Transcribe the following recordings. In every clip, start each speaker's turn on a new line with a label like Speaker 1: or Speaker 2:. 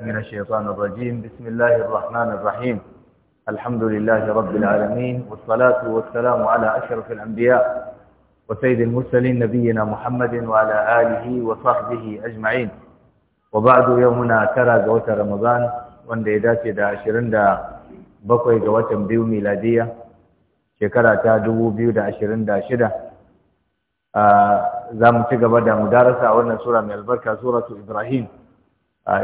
Speaker 1: من الشيطان الرجيم بسم الله الرحمن الرحيم الحمد لله رب العالمين والصلاة والسلام على أشرف الأنبياء وسيد المرسلين نبينا محمد وعلى آله وصحبه أجمعين وبعد يومنا ترى جوات رمضان وان داتي دا عشرين دا بقوي جوات بيو ميلادية شكرا تادو بيو دا عشرين دا شدة آه زامتك بدا مدارسة أولنا سورة من البركة سورة إبراهيم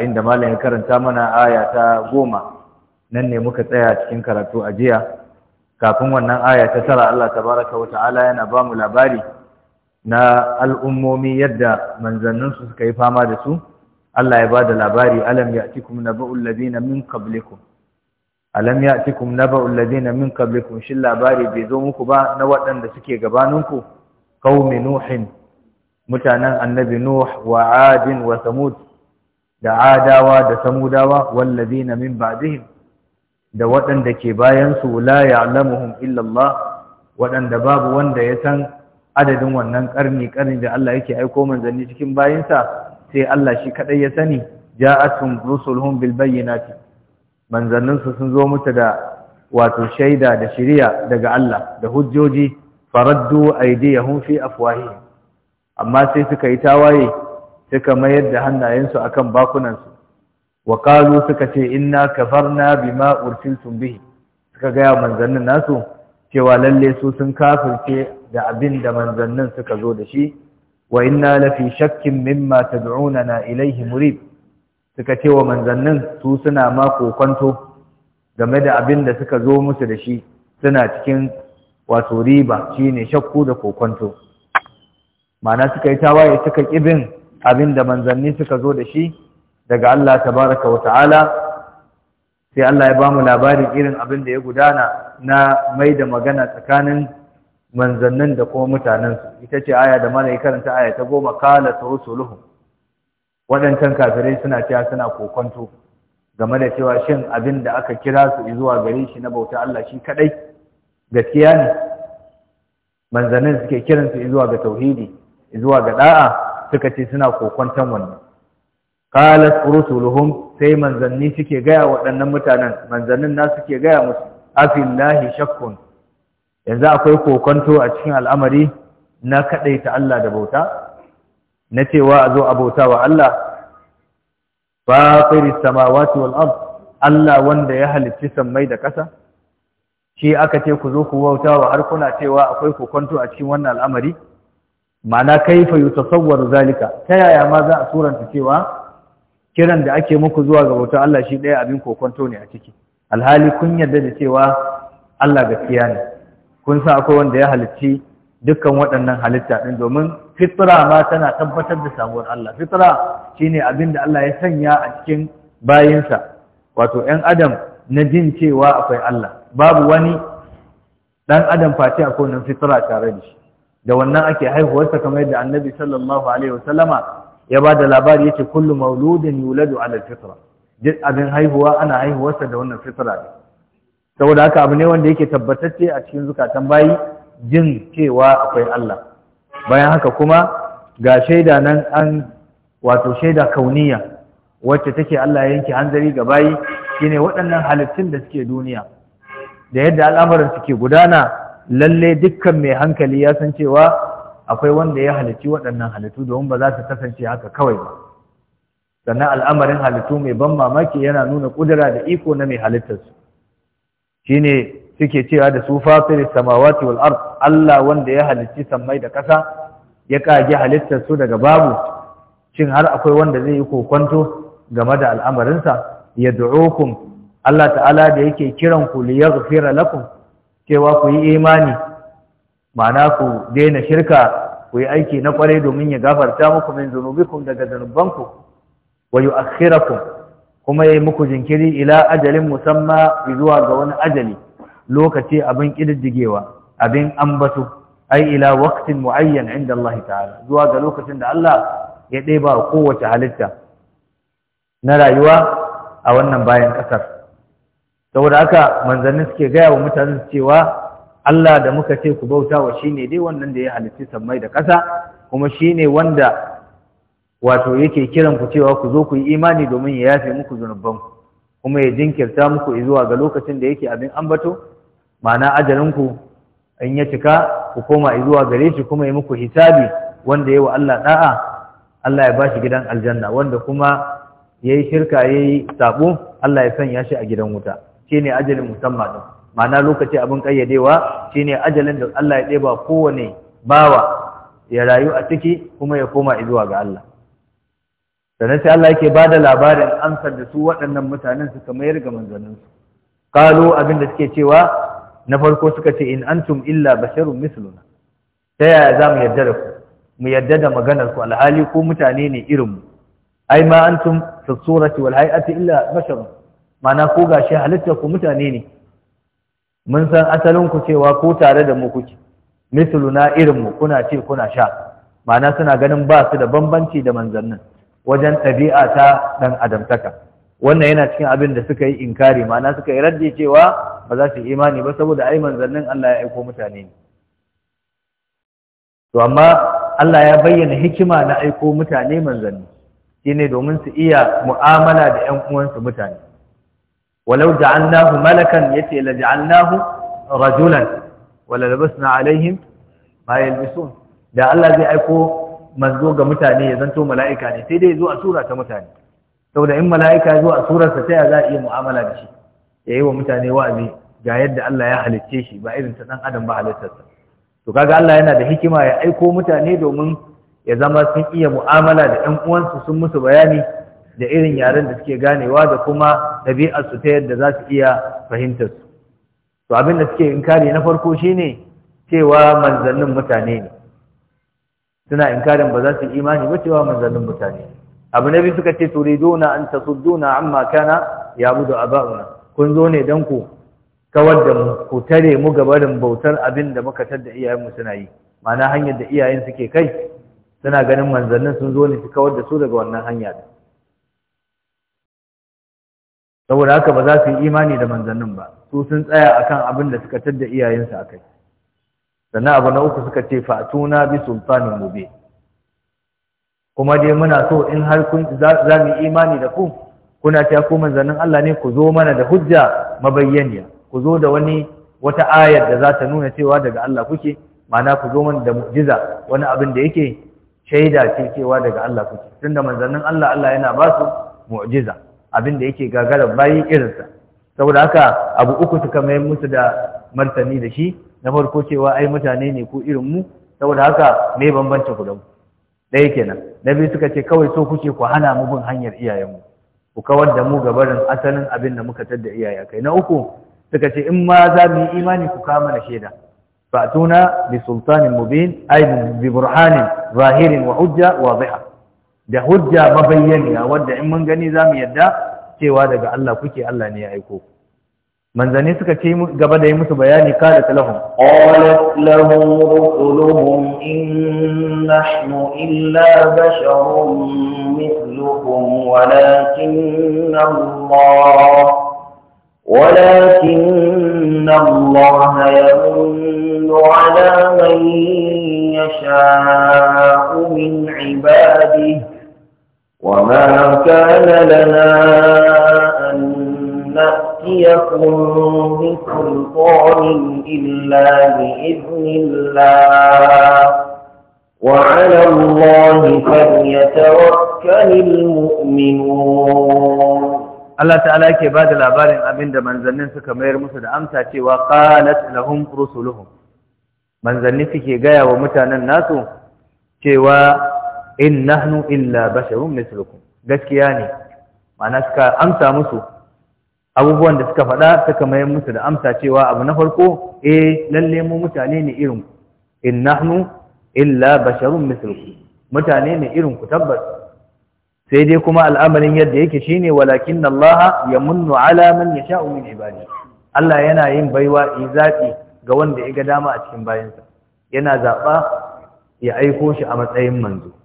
Speaker 1: inda malam ya karanta mana aya ta goma nan ne muka tsaya cikin karatu a jiya kafin wannan aya ta tara Allah tabaraka wata'ala yana ba mu labari na al'ummomi yadda manzanninsu suka yi fama da su Allah ya ba da labari alam ya'tikum naba'ul ladina min qablikum alam ya'tikum naba'ul ladina min qablikum shi labari bai zo muku ba na waɗanda suke gabaninku qaumi nuhin mutanen annabi nuh wa adin wa samud da adawa da samudawa na min ba'dihim da waɗanda ke bayan su la ya'lamuhum illa Allah waɗanda babu wanda ya san adadin wannan karni karni da Allah yake aiko manzanni cikin bayinsa sai Allah shi kadai ya sani ja'atun rusuluhum bil bayyinati manzannin su sun zo mutu da wato shaida da shiriya daga Allah da hujjoji faraddu aydiyahum fi afwahihim amma sai suka yi tawaye suka mayar da hannayensu akan bakunansu wa qalu suka ce inna kafarna bima ursiltum bihi suka gaya manzannin nasu cewa lalle su sun kafirce da abin da manzannin suka zo da shi wa inna lafi shakkin mimma tad'unana ilayhi murib suka ce wa manzannin su suna ma kokonto game da abin da suka zo musu da shi suna cikin wato riba shine shakku da kokonto ma'ana suka yi tawaye suka kibin Abin da manzanni suka zo da shi daga Allah tabaraka wa ta'ala sai Allah ya ba mu labarin irin abin da ya gudana na mai da magana tsakanin manzannin da kuma mutanensu ita ce aya da mana karanta aya ta goma kala ta rusuluhu waɗancan kafirai suna cewa suna kokonto game da cewa shin abin da aka kira su zuwa gare shi na bauta Allah shi kaɗai, gaskiya ne manzannin suke kiransu zuwa ga tauhidi zuwa ga ɗa'a? suka ce suna kokwantan wannan qalat rusuluhum sai manzanni suke gaya waɗannan mutanen manzannin na suke gaya musu afillahi shakkun yanzu akwai kokonto a cikin al'amari na kadaita Allah da bauta na cewa a zo a bauta wa Allah fatiri samawati wal ard Allah wanda ya halicci sammai da ƙasa shi aka ce ku zo ku bauta wa har kuna cewa akwai kokonto a cikin wannan al'amari ma'ana kaifa yutasawwar zalika ta yaya ma za a suranta cewa kiran da ake muku zuwa ga wata Allah shi ɗaya abin kokonto ne a ciki alhali kun yarda da cewa Allah gaskiya ne kun sa akwai wanda ya halicci dukkan waɗannan halitta ɗin domin fitra ma tana tabbatar da samuwar Allah fitra shine abin da Allah ya sanya a cikin bayinsa wato ‘yan adam na jin cewa akwai Allah babu wani ɗan adam face a kowane fitra tare da shi da wannan ake haihuwarsa kamar yadda annabi sallallahu alaihi wasallama ya ba da labari yace kullu mauludin yuladu ala fitra duk abin haihuwa ana haihuwarsa da wannan fitra ne saboda haka abu ne wanda yake tabbatacce a cikin zukatan bayi jin cewa akwai Allah bayan haka kuma ga shaida nan an wato shaida kauniya wacce take Allah ya yanke hanzari ga bayi shine waɗannan halittun da suke duniya da yadda al'amuran suke gudana lalle dukkan mai hankali ya san cewa akwai wanda ya halici waɗannan halittu domin ba za su kasance haka kawai ba sannan al'amarin halittu mai ban mamaki yana nuna ƙudura da iko na mai halittarsu shine suke cewa da su fafiri samawati wal ard Allah wanda ya halicci sammai da ƙasa ya kage halittarsu daga babu shin har akwai wanda zai yi kokonto game da al'amarinsa ya yad'ukum Allah ta'ala da yake kiran ku liyaghfira lakum cewa ku yi imani ma'ana ku daina shirka ku yi aiki na kwarai domin ya gafarta muku min zunubikum daga zanubanku wa yu'akhirakum kuma yayi muku jinkiri ila ajalin musamma zuwa ga wani ajali lokaci abin kididdigewa abin ambato ai ila waqtin muayyan inda Allah ta'ala zuwa ga lokacin da Allah ya ɗeba kowace halitta na rayuwa a wannan bayan ƙasar saboda haka manzanni suke gaya wa mutanen cewa Allah da muka ce ku bauta wa shine dai wannan da ya halitta sammai da ƙasa kuma shine wanda wato yake kiran ku cewa ku zo ku yi imani domin ya yafe muku zunubanku kuma ya jinkirta muku zuwa ga lokacin da yake abin ambato ma'ana ajalinku
Speaker 2: in ya cika ku koma zuwa gare shi kuma ya muku hisabi
Speaker 1: wanda yawa wa Allah da'a Allah ya bashi gidan aljanna wanda kuma yayi shirka yayi sabo Allah ya sanya shi a gidan wuta shine ajalin musamma din ma'ana lokaci abin kayyadewa shine ajalin da Allah ya ɗeba kowane bawa ya rayu a ciki kuma ya koma zuwa ga Allah sannan sai Allah yake bada labarin amsar da su waɗannan mutanen suka mayar ga manzanninsu qalu abin da suke cewa na farko suka ce in antum illa basharun misluna ta yaya za mu yarda da ku mu yarda da maganar ku alhali ko mutane ne irin mu ai ma antum fi surati wal hay'ati illa basharun mana ko gashi halitta ku mutane ne mun san asalin ku cewa ko tare da mu kuke misluna irin mu kuna ce kuna sha mana suna ganin ba su da bambanci da manzannin wajen ɗabi'a ta ɗan adamtaka wannan yana cikin abin da suka yi inkari mana suka yi radde cewa ba za su imani ba saboda ai manzannin Allah ya aiko mutane ne to amma Allah ya bayyana hikima na aiko mutane manzanni shine domin su iya mu'amala da ƴan uwansu mutane walau ja'alnahu malakan yace la ja'alnahu rajulan wala labasna alaihim ma da Allah zai aiko manzo ga mutane ya zanto mala'ika ne sai dai zo a sura ta mutane saboda in mala'ika ya zo a surarsa ta za a iya mu'amala da shi ya yi wa mutane wa'azi ga yadda Allah ya halicce shi ba irin ta dan adam ba halittarsa to kaga Allah yana da hikima ya aiko mutane domin ya zama sun iya mu'amala da 'yan uwansu sun musu bayani da irin yaren da suke ganewa da kuma ɗabi'arsu ta yadda za su iya fahimtar su to abin da suke inkari na farko shi ne cewa manzannin mutane ne suna inkarin ba za su imani ba cewa manzannin mutane ne abu na biyu suka ce na an tasudduna amma kana yabudu aba'una kun zo ne dan ku kawar da mu ku tare mu gabarin bautar abin da muka tadda iyayenmu suna yi ma'ana hanyar da iyayen suke kai suna ganin manzannin sun zo ne su kawar da su daga wannan hanya saboda haka ba za su yi imani da manzannin ba su sun tsaya a kan abin da suka tadda iyayensu a kai, sannan abu na uku suka ce fatuna bi sultanin mube kuma dai muna so in har kun za mu imani da ku kuna ta ku manzannin Allah ne ku zo mana da hujja mabayyaniya ku zo da wani wata ayar da za ta nuna cewa daga Allah kuke ma'ana ku zo mana da mu'jiza wani abin da yake shaida ce cewa daga Allah kuke tunda manzannin Allah Allah yana ba su mu'jiza abin da yake gagarar bayan irinsa saboda haka abu uku suka mai musu da martani da shi na farko cewa ai mutane ne ko irin mu saboda haka mai bambanta ku da mu ɗaya kenan na biyu suka ce kawai so kuke ku hana mu bin hanyar iyayenmu ku kawar da mu barin asalin abin da muka tadda iyaye kai na uku suka ce in ma za mu yi imani ku kama na shaida fa'tuna bi sultanin mubin ay bi burhanin zahirin wa hujja wadhiha da hujja mabayyaniya wadda in mun gani za mu yadda cewa daga Allah kuke Allah ne ya aiko manzanni suka ce gaba da yi musu bayani kada
Speaker 2: ta lahum qalat lahum rusuluhum in nahnu illa basharun mithlukum walakin Allah ولكن الله يمن على من يشاء
Speaker 1: وما كان لنا
Speaker 2: أن نأتيكم بسلطان إلا بإذن الله وعلى الله فليتوكل المؤمنون
Speaker 1: Allah ta'ala yake ba da labarin abin da manzannin suka mayar musu da amsa cewa qalat lahum rusuluhum manzanni suke gaya wa mutanen nasu cewa in nahnu illa basharun mithlukum gaskiya ne ma'ana suka amsa musu abubuwan da suka faɗa suka mayar musu da amsa cewa abu na farko eh lalle mu mutane ne irin ku in nahnu illa basharun mithlukum mutane ne irin ku tabbas sai dai kuma al'amarin yadda yake shine walakin Allah munnu ala man yasha'u min ibadi. Allah yana yin baiwa zaɓi ga wanda ya ga dama a cikin bayansa yana zaɓa ya aiko shi a matsayin manzo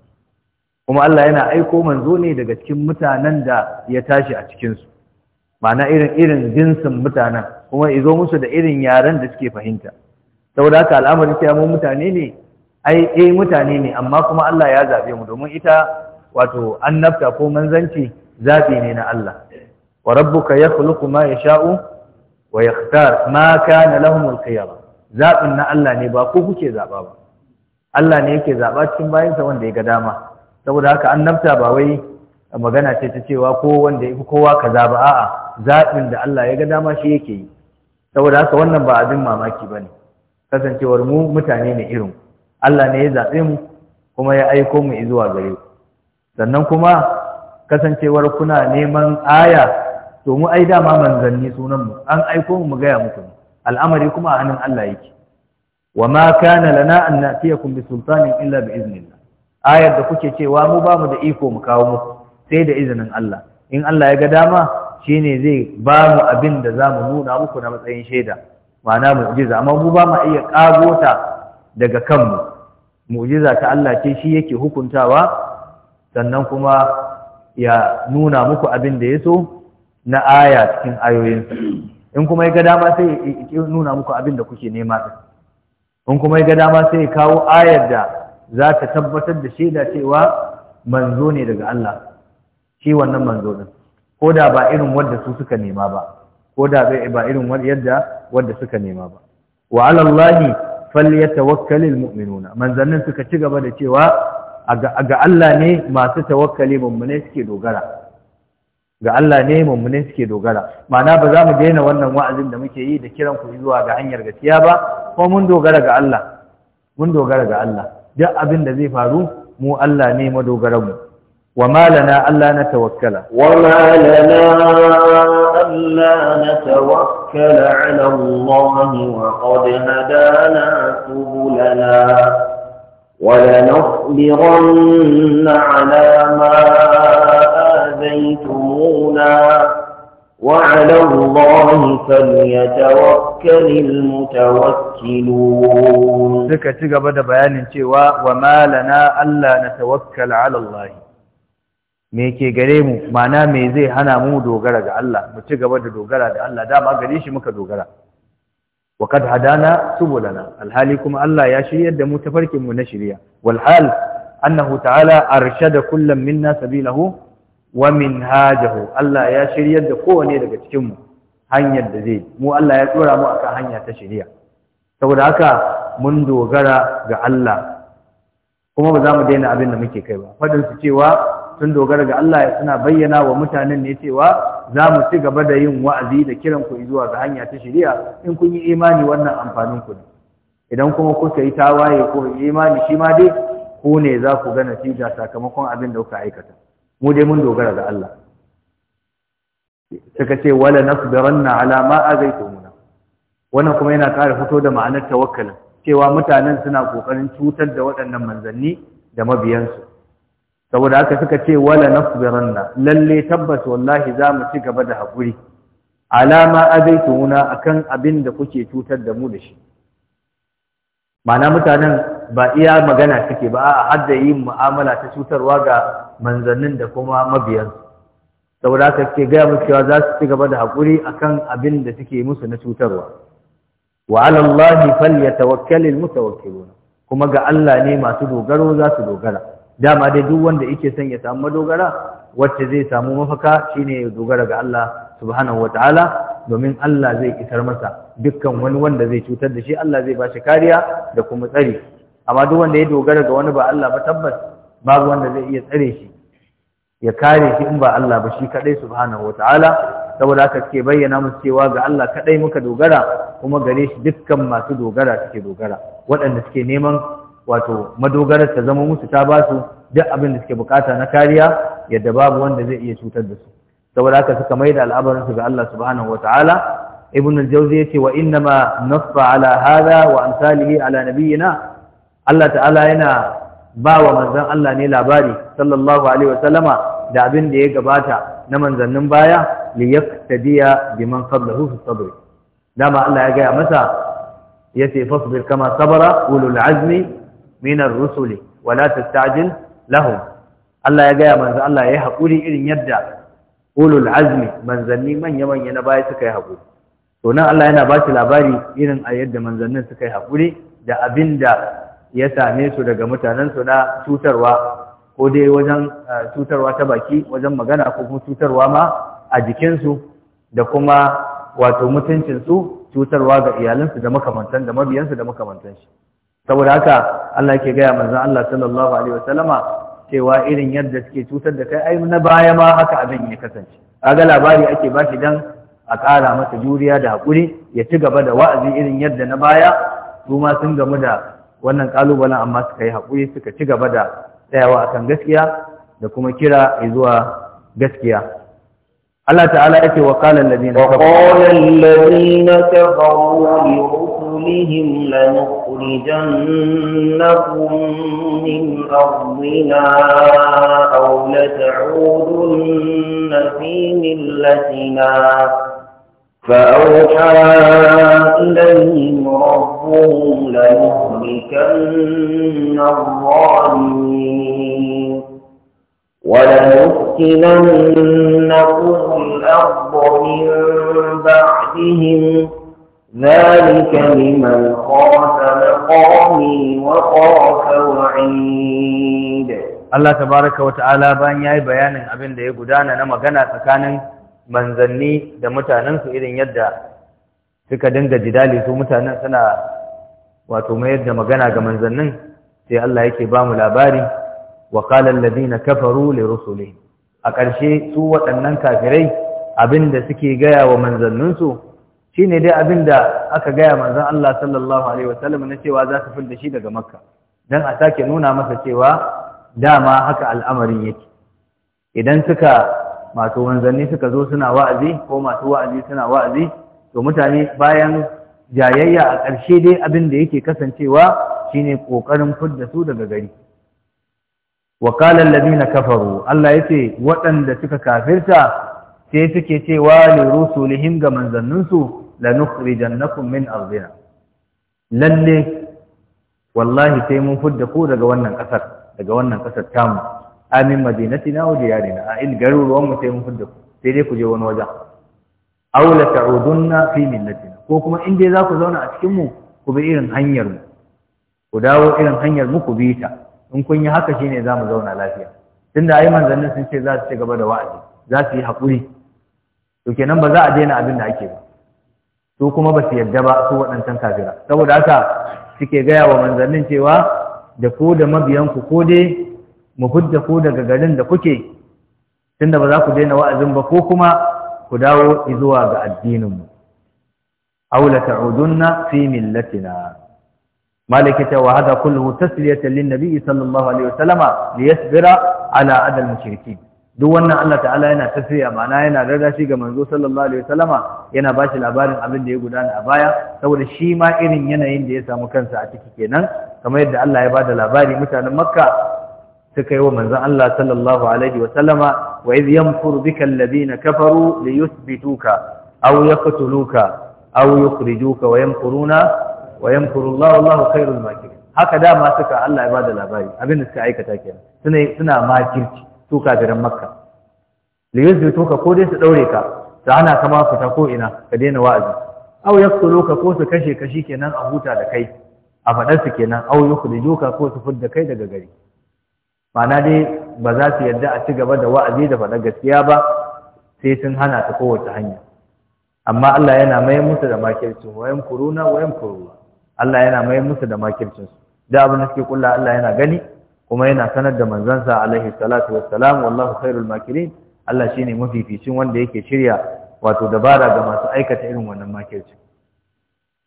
Speaker 1: kuma Allah yana aiko manzo ne daga cikin mutanen da ya tashi a cikinsu ma'ana irin irin jinsin mutanen kuma izo musu da irin yaren da suke fahimta saboda haka al'amarin cewa mu mutane ne ai eh mutane ne amma kuma Allah ya zabe mu domin ita wato annabta ko manzanci zabi ne na Allah wa rabbuka yakhluqu ma yasha'u wa yakhtar ma kana lahum al-khiyara zabin na Allah ne ba ko kuke zaba ba Allah ne yake zaba cikin bayinsa wanda ya ga dama saboda haka an annabta ba wai a magana ce ta cewa ko wanda ya fi kowa kaza ba a'a zaɓin da Allah ya ga dama shi yake yi saboda haka wannan ba abin mamaki ba ne kasancewar mu mutane ne irin Allah ne ya zaɓe mu kuma ya aiko mu zuwa gare sannan kuma kasancewar kuna neman aya to mu ai dama manzanni sunan mu an aiko mu gaya muku al'amari kuma a hannun Allah yake wa ma kana lana an natiyakum bi sultanin illa bi iznihi ayar da kuke cewa mu ba mu da iko mu kawo muku sai da izinin Allah in Allah ya ga dama shine zai ba mu abin da za mu nuna muku na matsayin shaida ma'ana mu'jiza amma mu ba mu iya ƙago ta daga kanmu mu'jiza ta Allah ce shi yake hukuntawa sannan kuma ya nuna muku abin da ya so na aya cikin ayoyinsa in kuma ya ga dama sai ya nuna muku abin da kuke nema in kuma ya ga dama sai ya kawo ayar da za ta tabbatar da shaida cewa manzo ne daga Allah shi wannan manzo ne ko da ba irin wanda su suka nema ba ko da ba irin yadda wanda suka nema ba wa ala Allahi falyatawakkalul mu'minuna manzannin suka ci gaba da cewa ga Allah ne masu tawakkali mummune suke dogara ga Allah ne mummune suke dogara ma'ana ba za mu daina wannan wa'azin da muke yi da kiran ku zuwa ga hanyar gaskiya ba ko mun dogara ga Allah mun dogara ga Allah duk abin da zai faru mu Allah ne madogaran mu wa malana Allah na tawakkala wa malana
Speaker 2: Allah na tawakkala ala Allah wa qad hadana subulana ولنصبرن على ما آذيتمونا
Speaker 1: وعلى الله فليتوكل
Speaker 2: المتوكلون
Speaker 1: suka ci gaba da bayanin cewa wa malana alla natawakkal ala Allah me ke gare mu mana me zai hana mu dogara ga Allah mu ci gaba da dogara da Allah dama gare shi muka dogara wa kad hadana subulana alhali kuma Allah ya shiryar da mu tafarkin mu na shiriya walhal annahu ta'ala arshada kullam minna sabilahu wa min hajahu! Allah ya shiryar da kowane daga cikin mu hanyar da zai mu Allah ya tsora mu akan hanya ta shari'a saboda haka mun dogara ga Allah kuma ba za mu daina abin da muke kai ba fadin su cewa sun dogara ga Allah suna bayyana wa mutanen ne cewa za mu ci gaba da yin wa'azi da kiran ku zuwa ga hanya ta shari'a in kun yi imani wannan amfanin ku ne idan kuma kuka yi tawaye ko imani shi ma dai ku ne za ku ga natija sakamakon abin da kuka aikata mu dai mun dogara ga Allah suka ce wala nasbiranna ala ma azaytumuna wannan kuma yana ƙara fito da ma'anar tawakkalin cewa mutanen suna kokarin cutar da waɗannan manzanni da mabiyansu saboda haka suka ce wala nasbiranna lalle tabbas wallahi za mu ci gaba da hakuri ala ma azaytumuna akan abin da kuke cutar da mu da shi ma'ana mutanen ba iya magana suke ba a hadda yin mu'amala ta cutarwa ga manzannin da kuma mabiyansu saboda haka ke gaya musu cewa za su ci gaba da haƙuri akan abin da suke musu na cutarwa wa alallahi falyatawakkalul mutawakkilun kuma ga Allah ne masu dogaro za su dogara dama dai duk wanda yake son ya samu madogara wacce zai samu mafaka shine ya dogara ga Allah subhanahu wataala domin Allah zai isar masa dukkan wani wanda zai cutar da shi Allah zai ba kariya da kuma tsari amma duk wanda ya dogara ga wani ba Allah ba tabbas babu wanda zai iya tsare shi ya kare shi in ba Allah ba shi kadai subhanahu wataala saboda haka suke bayyana musu cewa ga Allah kadai muka dogara kuma gare shi dukkan masu dogara suke dogara waɗanda suke neman wato madogarar ta zama musu ta ba su duk abin da suke bukata na kariya yadda babu wanda zai iya cutar da su saboda haka suka mai da al'amarin su ga Allah subhanahu wataala ibn al-jawzi yace wa inna ma nafa ala hada wa amsalihi ala nabiyina Allah ta'ala yana ba wa manzan Allah ne labari sallallahu alaihi wasallama da abin da ya gabata na manzannin baya li yaqtadiya biman qablahu fi sabr dama Allah ya gaya masa ya fasbir kama sabara ulul azmi minar rusuli wala la tastajil lahum Allah ya gaya manzan Allah ya haƙuri irin yadda ulul azmi manzanni manya manya na baya suka yi haƙuri to nan Allah yana ba shi labari irin a yadda manzannin suka yi haƙuri da abinda ya same su daga mutanensu na cutarwa ko dai wajen eh, cutarwa ta baki wajen magana ko kuma cutarwa ma a jikinsu da kuma wato mutuncinsu cutarwa ga iyalinsu da makamantan da mabiyansu da makamantan shi saboda haka Allah ke gaya manzon Allah sallallahu alaihi wasallama cewa irin yadda suke cutar da kai ai na baya ma haka abin ya kasance
Speaker 2: kaga labari ake
Speaker 1: bashi dan a ƙara masa juriya da haƙuri ya ci gaba da wa'azi irin yadda na baya su sun gamu da wannan kalubalen amma suka yi haƙuri suka ci gaba da tsayawa akan gaskiya da kuma kira zuwa gaskiya Allah ta'ala yake wa qala alladhina kafaru alladhina
Speaker 2: kafaru li rusulihim lanukhrijannakum min ardina aw la na fi millatina فأوحى إليهم ربهم لنهلكن الظالمين ولنسكننكم الأرض من بعدهم ذلك لمن خاف مقامي وخاف وعيد
Speaker 1: الله تبارك وتعالى بان ياي بيان abin da ya gudana na magana tsakanin manzanni da mutanensu irin yadda suka dinga jidali su mutanen suna wato mayar da magana ga manzannin sai Allah yake ba mu labari wa qala alladhina kafaru li rusuli a ƙarshe su waɗannan kafirai abinda suke gaya wa manzanninsu shine dai abinda aka gaya manzon Allah sallallahu alaihi wasallam na cewa za su da shi daga makka dan a sake nuna masa cewa dama haka al'amarin yake idan suka masu wanzanni suka zo suna wa'azi ko masu wa'azi suna wa'azi to mutane bayan jayayya a ƙarshe dai abin da yake kasancewa shine ƙoƙarin fudda su daga gari wa na na kafaru Allah ya ce waɗanda suka kafirta sai suke cewa li lihim ga manzanninsu lanukhrijannakum min Arzina. lalle wallahi sai mun fudda ku daga wannan ƙasar daga wannan ƙasar tamu amin madinatina wa diyarina a il garin ruwan mu sai mun fidda ku sai dai ku je wani wajen aw la ta'udunna fi millatina ko kuma in dai za ku zauna a cikin mu ku bi irin hanyar mu ku dawo irin hanyar mu ku bi ta in kun yi haka shine za mu zauna lafiya tunda ai manzannin sun ce za su ci gaba da wa'azi za su yi hakuri to kenan ba za a daina abin da ake ba su kuma ba su yarda ba su waɗancan kafira saboda haka suke gaya wa manzannin cewa da ko da mabiyanku ko dai mu hujja ku daga garin da kuke tunda ba za ku daina wa'azin ba ko kuma ku dawo zuwa ga addininmu aw la ta'udunna fi millatina malaka ta wa hada kulluhu tasliyatan lin nabi sallallahu alaihi wasallama yasbira ala adal mushrikin duk wannan Allah ta'ala yana tasriya ma'ana yana rarra shi ga manzo sallallahu alaihi wasallama yana ba shi labarin abin da ya gudana a baya saboda shi ma irin yanayin da ya samu kansa a ciki kenan kamar yadda Allah ya bada labari mutanen Makka suka yi wa manzan Allah sallallahu alaihi wa sallama wa idh yamkuru bika alladhina kafaru liyuthbituka aw yaqtuluka aw yukhrijuka wa yamkuruna wa yamkuru Allah wallahu khairul makirin haka dama suka Allah ya ba da labari abinda suka aikata kenan suna suna makirci su kafiran makka liyuthbituka ko dai su daure ka ta ana kama fita ko ina ka daina wa'azi aw yaqtuluka ko su kashe kashi kenan a huta da kai a faɗarsu kenan au yi kulijuka ko su fudda kai daga gari ma'ana dai ba za su yarda a ci gaba da wa'azi da faɗa gaskiya ba sai sun hana ta kowace hanya amma Allah yana mai musu da makircin wayan kuruna wayan kuruna Allah yana mai musu da makircin da abin da suke kulla Allah yana gani kuma yana sanar da manzansa alaihi salatu wassalam wallahu khairul makirin Allah shine mafificin wanda yake shirya wato dabara ga masu aikata irin wannan makircin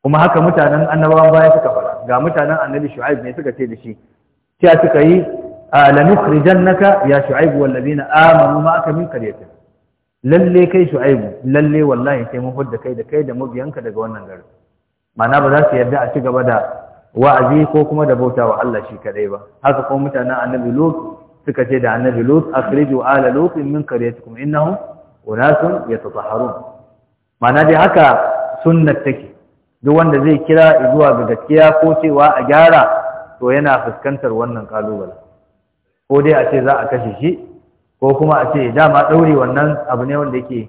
Speaker 1: kuma haka mutanen annabawan baya suka fara ga mutanen annabi shu'aib ne suka ce da shi cewa suka yi lanukhrijannaka ya shu'aibu wal ladina amanu ma'aka min qaryatik lalle kai shu'aibu lalle wallahi sai mun fudda kai da kai da mabiyanka daga wannan garin ma'ana ba za su yarda a ci gaba da wa'azi ko kuma da bauta wa Allah shi kadai ba haka kuma mutanen annabi lut suka ce da annabi lut akhriju ala lut min qaryatikum innahum unasun yatatahharun ma'ana dai haka sunnat take duk wanda zai kira zuwa ga gaskiya ko cewa a gyara to yana fuskantar wannan kalubalen ko dai a ce za a kashe shi ko kuma a ce dama ɗaure wannan abu ne wanda yake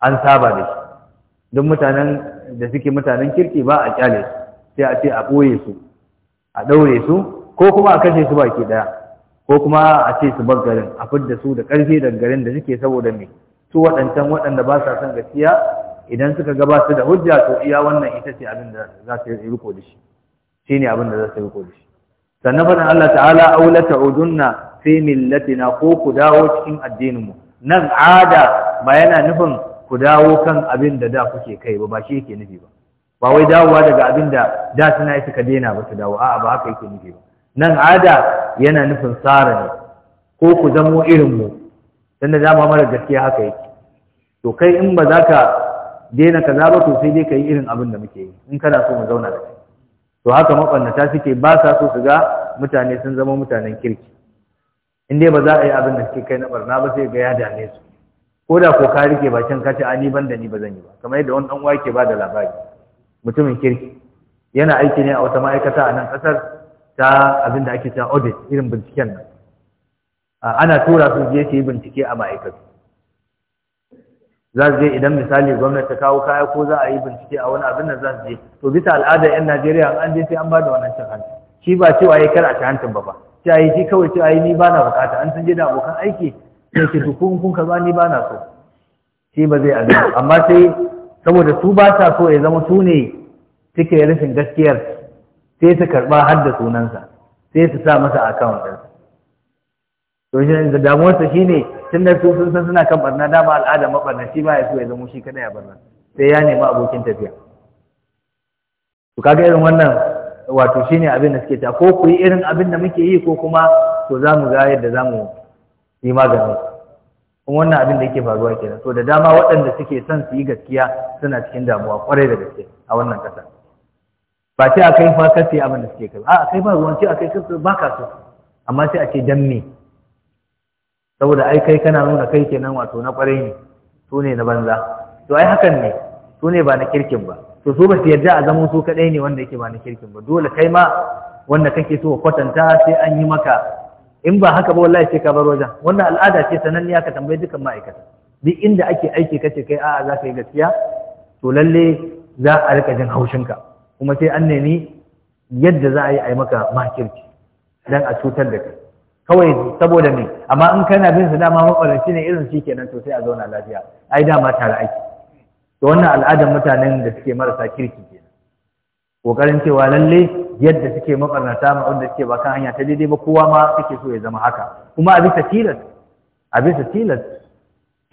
Speaker 1: an saba da shi duk mutanen da suke mutanen kirki ba a kyale su sai a ce a ɓoye su a ɗaure su ko kuma a kashe su baki ɗaya ko kuma a ce su bar garin a fidda su da ƙarfi da garin da suke saboda me su waɗancan waɗanda ba sa son gaskiya idan suka gabata da hujja to iya wannan ita ce abin da za su yi riko da shi shine abin da za su yi riko da shi sannan faɗin Allah ta'ala aula ta'udunna fi millatina ko ku dawo cikin addininmu nan ada ba yana nufin ku dawo kan abin da da kuke kai ba ba shi yake nufi ba ba wai dawowa daga abin da da suna yi suka daina ba su dawo a'a ba haka yake nufi ba nan ada yana nufin tsara ne ko ku zamo irinmu dan da dama mara gaskiya haka yake to kai in ba za ka daina kaza ba to sai dai ka yi irin abin da muke yi in kana so mu zauna da kai to haka mabannata suke ba sa so su ga mutane sun zama mutanen kirki in dai ba za a yi abin da suke kai na barna ba sai ga ya dame su ko da ko ka rike bakin ka ce a ni ban da ni ba zan yi ba kamar yadda wani dan uwa yake ba da labari mutumin kirki yana aiki ne a wata ma'aikata a nan kasar ta abin da ake cewa audit irin binciken nan ana tura su je su yi bincike a ma'aikatu za su je idan misali gwamnati ta kawo kaya ko za a yi bincike a wani abin da za su je to bisa al'adar 'yan najeriya an je sai an ba da wannan cin hanci shi ba cewa ya kar a ci hancin ba ba Shi a yi shi kawai ce a yi ni ba na bukata an sun je da abokan aiki sai ce kun kun kaza ni ba na so shi ba zai abin amma sai saboda su ba sa so ya zama su ne suke rashin gaskiyar sai su karɓa har da sunansa sai su sa masa akawun ɗinsa to shi da damuwarsa shine tun da su sun san suna kan barna dama al'ada mabarnaci ba ya so ya zama shi kada ya barna sai ya nemi abokin tafiya to kaga irin wannan wato shine abin da suke ta ko ku yi irin abin da muke yi ko kuma to za mu ga yadda za mu yi magani kuma wannan abin da yake faruwa kenan to da dama waɗanda suke son su yi gaskiya suna cikin damuwa kwarai da gaske a wannan ƙasa ba ce a kai fa kace abin da suke kai a kai ba ruwan ci a kai kace ba ka so amma sai a ce dan me saboda ai kai kana nuna kai kenan wato na kwarai ne su ne na banza to ai hakan ne su ne ba na kirkin ba to su ba su yarda a zama su kadai ne wanda yake ba na kirkin ba dole kai ma wanda kake so ka kwatanta sai an yi maka in ba haka ba wallahi sai ka bar wajen wannan al'ada ce sananniya ka tambayi dukan ma'aikata duk inda ake aiki kace kai a'a za ka yi gaskiya to lalle za a rika jin ka kuma sai an nemi yadda za a yi a yi maka makirci dan a cutar da kai kawai saboda ne amma in kana bin su dama mabalanci ne irin shi kenan to sai a zauna lafiya ai dama tare aiki to wannan al'adar mutanen da suke marasa kirki kenan kokarin cewa lalle yadda suke mabarnata ma wanda suke ba kan hanya ta daidai ba kowa ma suke so ya zama haka kuma a bisa tilas a bisa tilas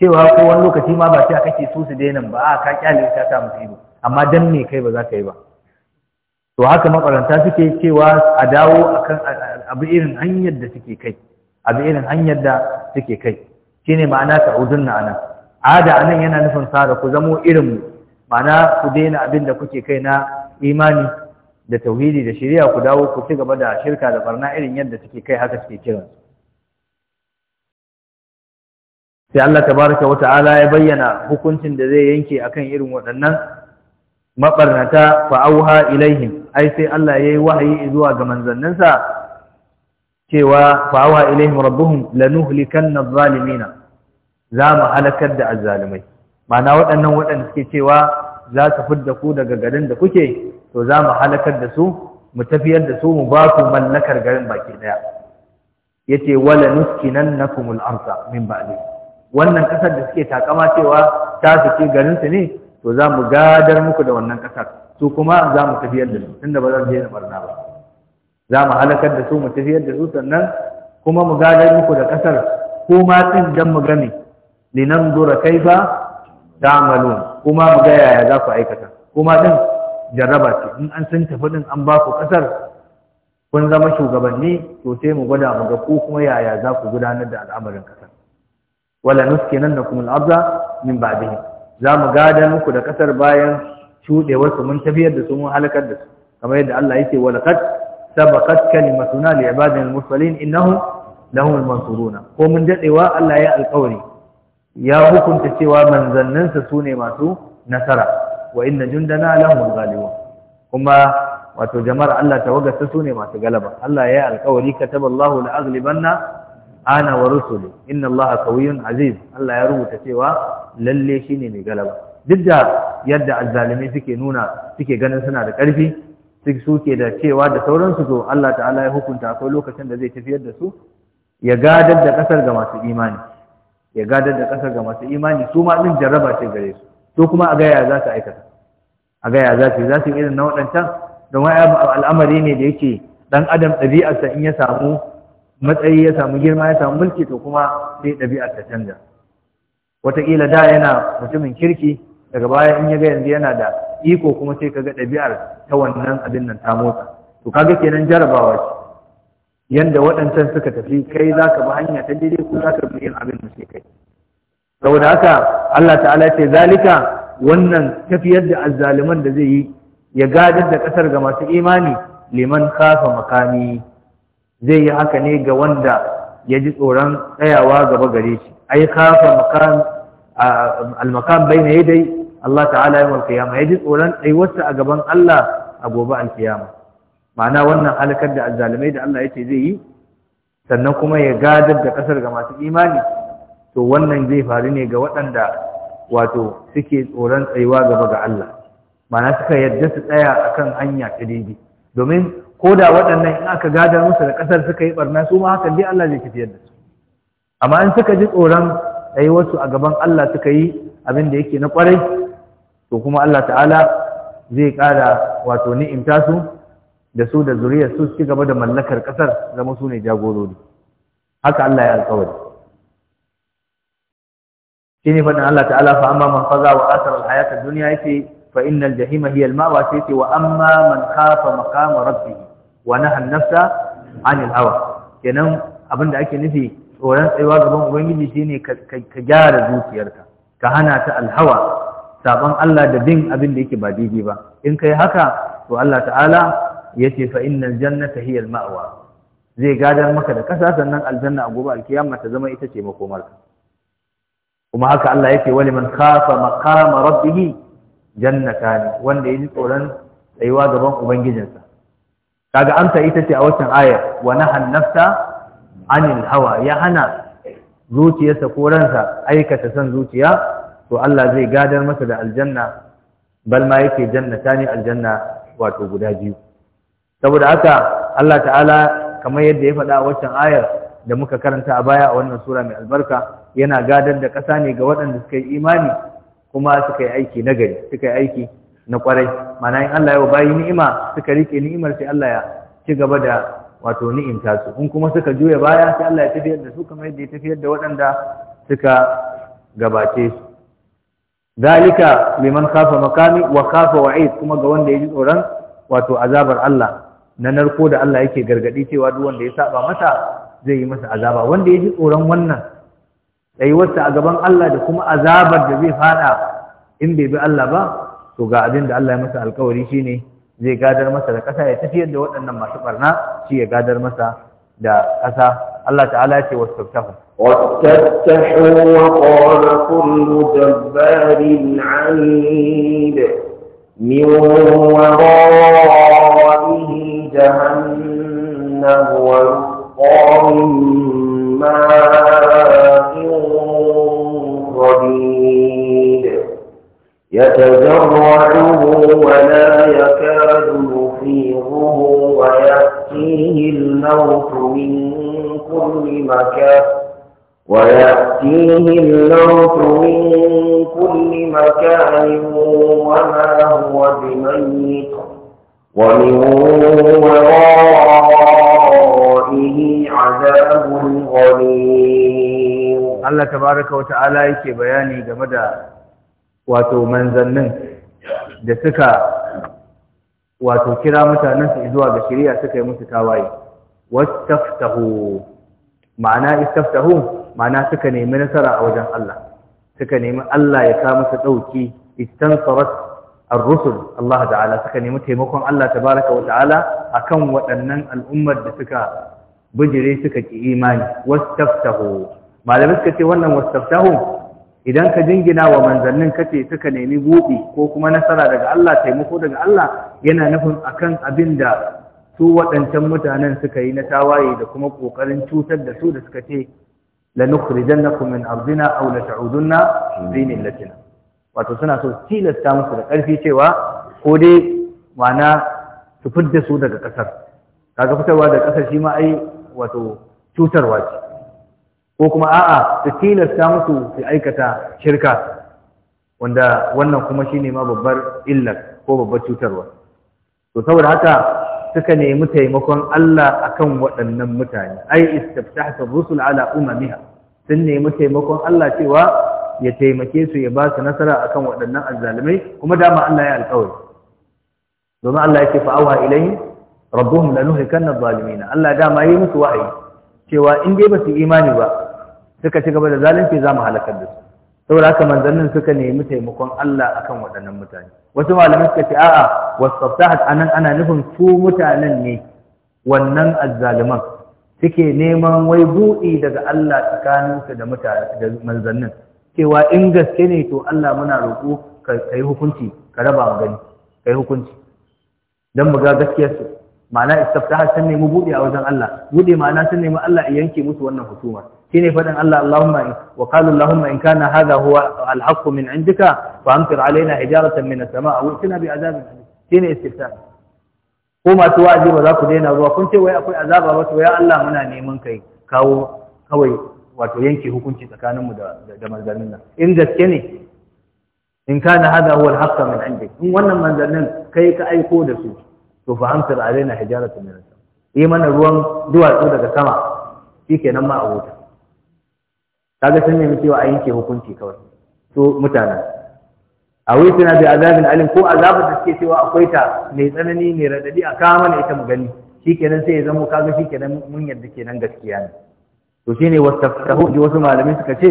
Speaker 1: cewa ko wani lokaci ma ba sai kake so su daina ba a ka kyale ta samu ido. amma dan me kai ba za ka yi ba to haka mabaranta suke cewa a dawo akan abu irin hanyar da suke kai abu irin hanyar da suke kai shine ma'ana ta'udunna anan ada anan yana nufin sara ku zamo irin mu ma'ana ku daina abin da kuke kai na imani da tauhidi da shari'a ku dawo ku ci gaba da shirka da barna irin yadda suke kai haka suke kiran sai Allah tabaraka wa ta'ala ya bayyana hukuncin da zai yanke akan irin waɗannan mabarnata fa auha ilaihim ai sai Allah yayi wahayi zuwa ga manzannansa cewa fa'awa ilaihim rabbuhum lanuhlikanna adh-dhalimina za mu halakar da azzalimai ma'ana waɗannan waɗanda suke cewa za su fidda ku daga garin da kuke to za mu halakar da su mu tafiyar da su mu ba ku mallakar garin baki daya yace wala nuskinannakumul arda min ba'di wannan kasar da suke takama cewa ta su ce garin su ne to za mu gadar muku da wannan kasar su kuma za mu tafiyar da su tunda ba za su je da barna ba za mu halakar da su mu tafiyar da su sannan kuma mu gadar muku da ƙasar ko ma tsin dan mu gane linan zura ta ta'malun kuma mu ga yaya za ku aikata kuma din jarraba ce in an san tafi din an ba ku ƙasar kun zama shugabanni to sai mu gwada mu ga ku kuma yaya za ku gudanar da al'amarin ƙasar wala nuskinannakum al-ardha min ba'dihi za mu gadar muku da ƙasar bayan shuɗewar mun tafiyar da su mun halakar da su kamar yadda Allah yake wala سبقت كلمتنا لعبادنا المرسلين إنهم لهم المنصورون ومن جدوا الله يا القوري يا حكم تسوى من ظنن سوني ماسو نصرا وإن جندنا لهم الغالبون كما wato jama'ar Allah ta waga ta sune masu galaba Allah ya yi alƙawari kataballahu la aghlibanna ana wa rusuli inna Allaha qawiyyun aziz Allah ya rubuta cewa lalle shine mai galaba duk da yadda azzalimi suke nuna suke ganin suna da ƙarfi suke da cewa da sauransu zo Allah ta'ala ya hukunta akwai lokacin da zai tafiyar da su ya gadar da kasar ga masu imani ya gadar da kasar ga masu imani su ma din jarraba ce gare su to kuma a gaya za su aikata a gaya za su za su yi irin na waɗancan don wai al'amari ne da yake dan adam ɗabi'arsa in ya samu matsayi ya samu girma ya samu mulki to kuma sai ɗabi'ar ta canja wataƙila da yana mutumin kirki daga baya in ya ga yanzu yana da iko kuma sai kaga ɗabi'ar ta wannan abin nan ta motsa to kaga kenan jarabawa ce yanda waɗancan suka tafi kai za ka bi hanya ta daidai ko za ka bi irin abin da sai kai saboda haka Allah ta'ala ce zalika wannan tafiyar da azzaliman da zai yi ya gadar da ƙasar ga masu imani liman kafa makami zai yi haka ne ga wanda ya ji tsoron tsayawa gaba gare shi ai kafa makam al-makam yi dai. Allah ta'ala yawan kiyama ya ji tsoron aiwarsa a gaban Allah a gobe alkiyama ma'ana wannan halakar da azzalumai da Allah ce zai yi sannan kuma ya gadar da kasar ga masu imani to wannan zai faru ne ga waɗanda wato suke tsoron tsayuwa gaba ga Allah ma'ana suka yadda su tsaya akan hanya ta daidai domin ko da waɗannan in aka gadar musu da kasar suka yi barna su ma hakan dai Allah zai tafiyar da su amma in suka ji tsoron tsayuwarsu a gaban Allah suka yi abin da yake na kwarai to kuma Allah ta'ala zai ƙara wato ni'imta su da su da zuriyar su ci gaba da mallakar ƙasar zama su ne jagorori haka Allah ya alƙawari shi ne faɗin Allah ta'ala fa amma man faza wa asar al-hayata dunya yake fa innal jahima hiya al-ma'wa sai ce wa amma man khafa maqama rabbih wa naha an-nafsa 'anil hawa kenan abinda ake nufi tsoron tsayuwa gaban ubangiji shine ka gyara zuciyarka ka hana ta alhawa saban Allah da bin abin da yake ba daidai ba in kai haka to Allah ta'ala ce fa innal jannata hiya al-ma'wa zai gadar maka da kasa sannan aljanna a gobe alkiyama ta zama ita ce makomarka kuma haka Allah yake wali man khafa maqama rabbih jannatani wanda yaji tsoron tsayuwa gaban ubangijinsa kaga amsa ita ce a waccan ayar wa nahan nafsa anil hawa ya hana zuciyarsa ko ransa aikata san zuciya to Allah zai gadar masa da aljanna bal ma yake jannata ne aljanna wato guda biyu saboda haka Allah ta'ala kamar yadda ya faɗa a waccan ayar da muka karanta a baya a wannan sura mai albarka yana gadar da ƙasa ne ga waɗanda suka yi imani kuma suka yi aiki na gari suka yi aiki na kwarai mana in Allah ya bayi ni'ima suka rike ni'imar sai Allah ya ci gaba da wato ni'imta su in kuma suka juya baya sai Allah ya tafiyar da su kamar yadda ya tafiyar da waɗanda suka gabace su
Speaker 2: zalika liman khafa makami wa khafa wa'id kuma ga wanda ya ji tsoron wato azabar
Speaker 1: Allah na narko da Allah yake gargadi cewa duk wanda ya saba masa zai yi masa azaba wanda ya ji tsoron wannan tsayuwarsa a gaban Allah da kuma azabar da zai fada in bai bi Allah ba to ga abin da Allah ya masa alkawari shine zai gadar masa da kasa ya tafiyar da waɗannan masu barna shi ya gadar masa da ƙasa Allah ta'ala ya ce wasu واستفتحوا وقال
Speaker 2: كل جبار عنيد من ورائه جهنم ويسقى من ماء صديد
Speaker 1: يتجرعه ولا
Speaker 2: يكاد يفيضه ويأتيه الموت من كل مكان ويأتيهم الموت من كل مكان وما هو بميت ومن ورائه عذاب
Speaker 1: غليظ الله تبارك وتعالى yake bayani game da wato manzannin da suka wato kira mutanen su zuwa ga shirya suka yi musu tawaye taftahu ma'ana istaftahu ma'ana suka nemi nasara a wajen Allah suka nemi Allah ya kawo musu dauki istansarat ar-rusul Allah ta'ala suka nemi taimakon Allah tabaraka wa ta'ala akan waɗannan al'ummar da suka bijire suka ki imani wastaftahu Malamin suka ce wannan wastaftahu idan ka jingina wa manzannin kace suka nemi buɗi ko kuma nasara daga Allah taimako daga Allah yana nufin akan abin da su waɗancan mutanen suka yi na tawaye da kuma ƙoƙarin cutar da su da suka ce لنخرجنكم من أرضنا أو لتعودن في ملتنا wato suna so tilasta musu da ƙarfi cewa ko dai ma'ana su fidda su daga ƙasar kaga fitarwa da ƙasar shi ma ai wato cutarwa ce ko kuma a'a su tilasta musu su aikata shirka wanda wannan kuma shine ma babbar illar ko babbar cutarwa to saboda haka suka nemi taimakon Allah akan waɗannan mutane ai istaftahta rusul ala umamiha sun nemi taimakon Allah cewa ya taimake su ya ba su nasara akan waɗannan azzalumai kuma dama Allah ya alƙawari domin Allah ya ce fa awha ilayhi rabbuhum kan adh-dhalimin Allah dama yi musu wahayi cewa in dai ba su imani ba suka ci gaba da zalunci za mu halakar da su saboda haka manzannin suka nemi taimakon Allah akan waɗannan mutane wasu malamai suka ce a'a wasaftahat anan ana nufin su mutanen ne wannan azzaliman suke neman wai buɗi daga Allah tsakaninsu da mutane da manzannin cewa in gaske ne to Allah muna roƙo ka yi hukunci ka raba mu gani ka yi hukunci dan mu ga gaskiyar su ma'ana istaftahat sun nemi buɗe a wajen Allah buɗe ma'ana sun nemi Allah ya yanke musu wannan hukuma shine faɗin Allah Allahumma wa qala Allahumma in kana hadha huwa al-haqqu min indika fa amtir alaina hijaratan min as-samaa wa atina bi azabin shine istifta ko masu wa'azi ba za ku daina zuwa kun ce wai akwai azaba ba to ya Allah muna neman kai kawo kawai wato yanke hukunci tsakaninmu da da manzannin nan in gaske ne in kana hadha huwa al-haqqu min indik in wannan manzannin kai ka aiko da su to fa amtir alaina hijaratan min as-samaa yi mana ruwan duwatsu daga sama shikenan ma abota kaga sun nemi cewa a yanke hukunci kawai to mutanen a wai suna da azabin alim ko azabar da suke cewa akwai ta mai tsanani mai radadi a kama mana ita mu gani shikenan sai ya zamo kaga shikenan mun yarda kenan gaskiya ne to shine wastaftahu ji wasu malamai suka ce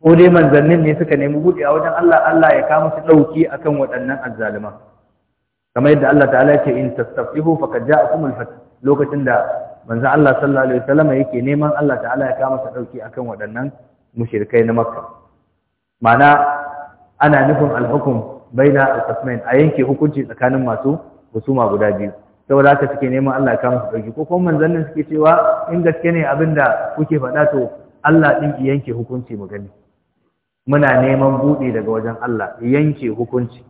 Speaker 1: ko dai manzannin ne suka nemi buɗe a wajen Allah Allah ya kama su dauki akan waɗannan azzaliman kamar yadda Allah ta'ala ya ce in tastaftihu faqad ja'akum al-fath lokacin da manzon Allah sallallahu alaihi wasallam yake neman Allah ta'ala ya kama su dauki akan waɗannan mushirikai na makka mana ana nufin alhukum baina alqasmain a yanke hukunci tsakanin masu husuma guda biyu saboda haka suke neman Allah kama su ɗauki. ko kuma manzannin suke cewa in gaske ne abinda kuke faɗa to Allah din ki yanke hukunci mu gani muna neman buɗe daga wajen Allah yanke hukunci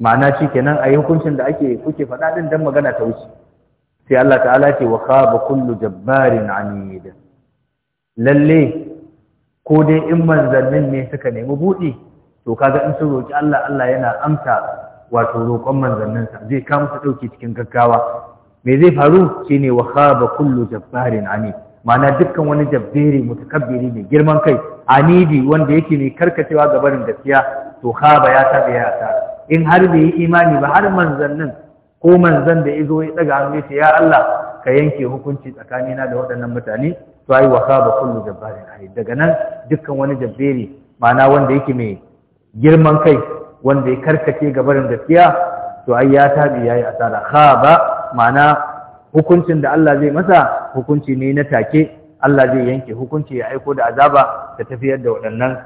Speaker 1: ma'ana shi kenan a yi hukuncin da ake kuke faɗa ɗin don magana ta wuce sai Allah ta'ala ce wa khaba kullu jabbarin anid lalle ko dai in manzannin ne suka nemi buɗe, to kaga in sun roƙi Allah Allah yana amsa wato roƙon manzanninsa zai kawo musu ɗauki cikin gaggawa me zai faru shine wa khaba kullu jabbarin ani ma'ana dukkan wani jabbiri mutakabbiri mai girman kai anidi wanda yake mai karkacewa ga barin gaskiya to khaba ya taɓa ya ta in har bai yi imani ba har manzannin ko manzan da ya zo ya ɗaga hannu ya ce ya Allah ka yanke hukunci tsakanina da waɗannan mutane to ai wasa ba kullu jabbarin hari daga nan dukkan wani jabberi ma'ana wanda yake mai girman kai wanda ya karkace gabarin gaskiya to ai ya tabi yayi asara khaba ma'ana hukuncin da Allah zai masa hukunci ne na take Allah zai yanke hukunci ya aiko da azaba ta tafiyar da waɗannan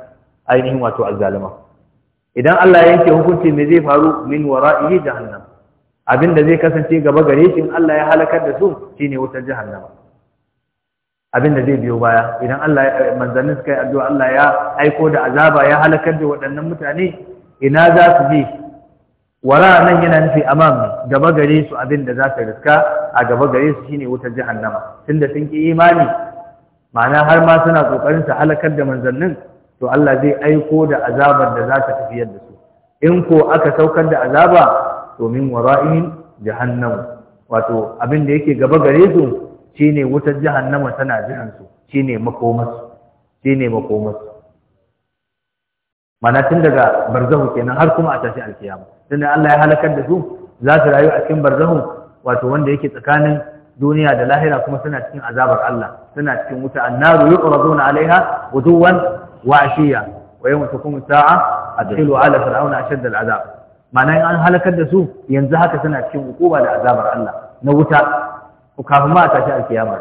Speaker 1: ainihin wato azzaluma idan Allah ya yanke hukunci me zai faru min wara'ihi jahannam abinda zai kasance gaba gare shi Allah ya halakar da su shine wutar jahannama abin da zai biyo baya idan Allah manzannin suka yi addu'a Allah ya aiko da azaba ya halakar da waɗannan mutane ina za su je wara nan yana nufi amam gaba gare su abin da za su riska a gaba gare su shine wutar jahannama tunda sun ki imani ma'ana har ma suna kokarin su halakar da manzannin to Allah zai aiko da azabar da za ta tafiyar da su in ko aka saukar da azaba to min wara'in jahannam wato abin da yake gaba gare su shine wutar jahannama tana jiran shine makomarsu makomarsu mana tun daga barzahu kenan har kuma a tashi alkiyama tunda Allah ya halakar da su za su rayu a cikin barzahu wato wanda yake tsakanin duniya da lahira kuma suna cikin azabar Allah suna cikin wuta annaru yuqraduna alaiha guduwan wa ashiya wa yawma taqumu sa'a adkhilu ala fir'auna ashadda al'azab ma'ana an halakar da su yanzu haka suna cikin hukuma da azabar Allah na wuta ku kafin ma a tashi alkiyama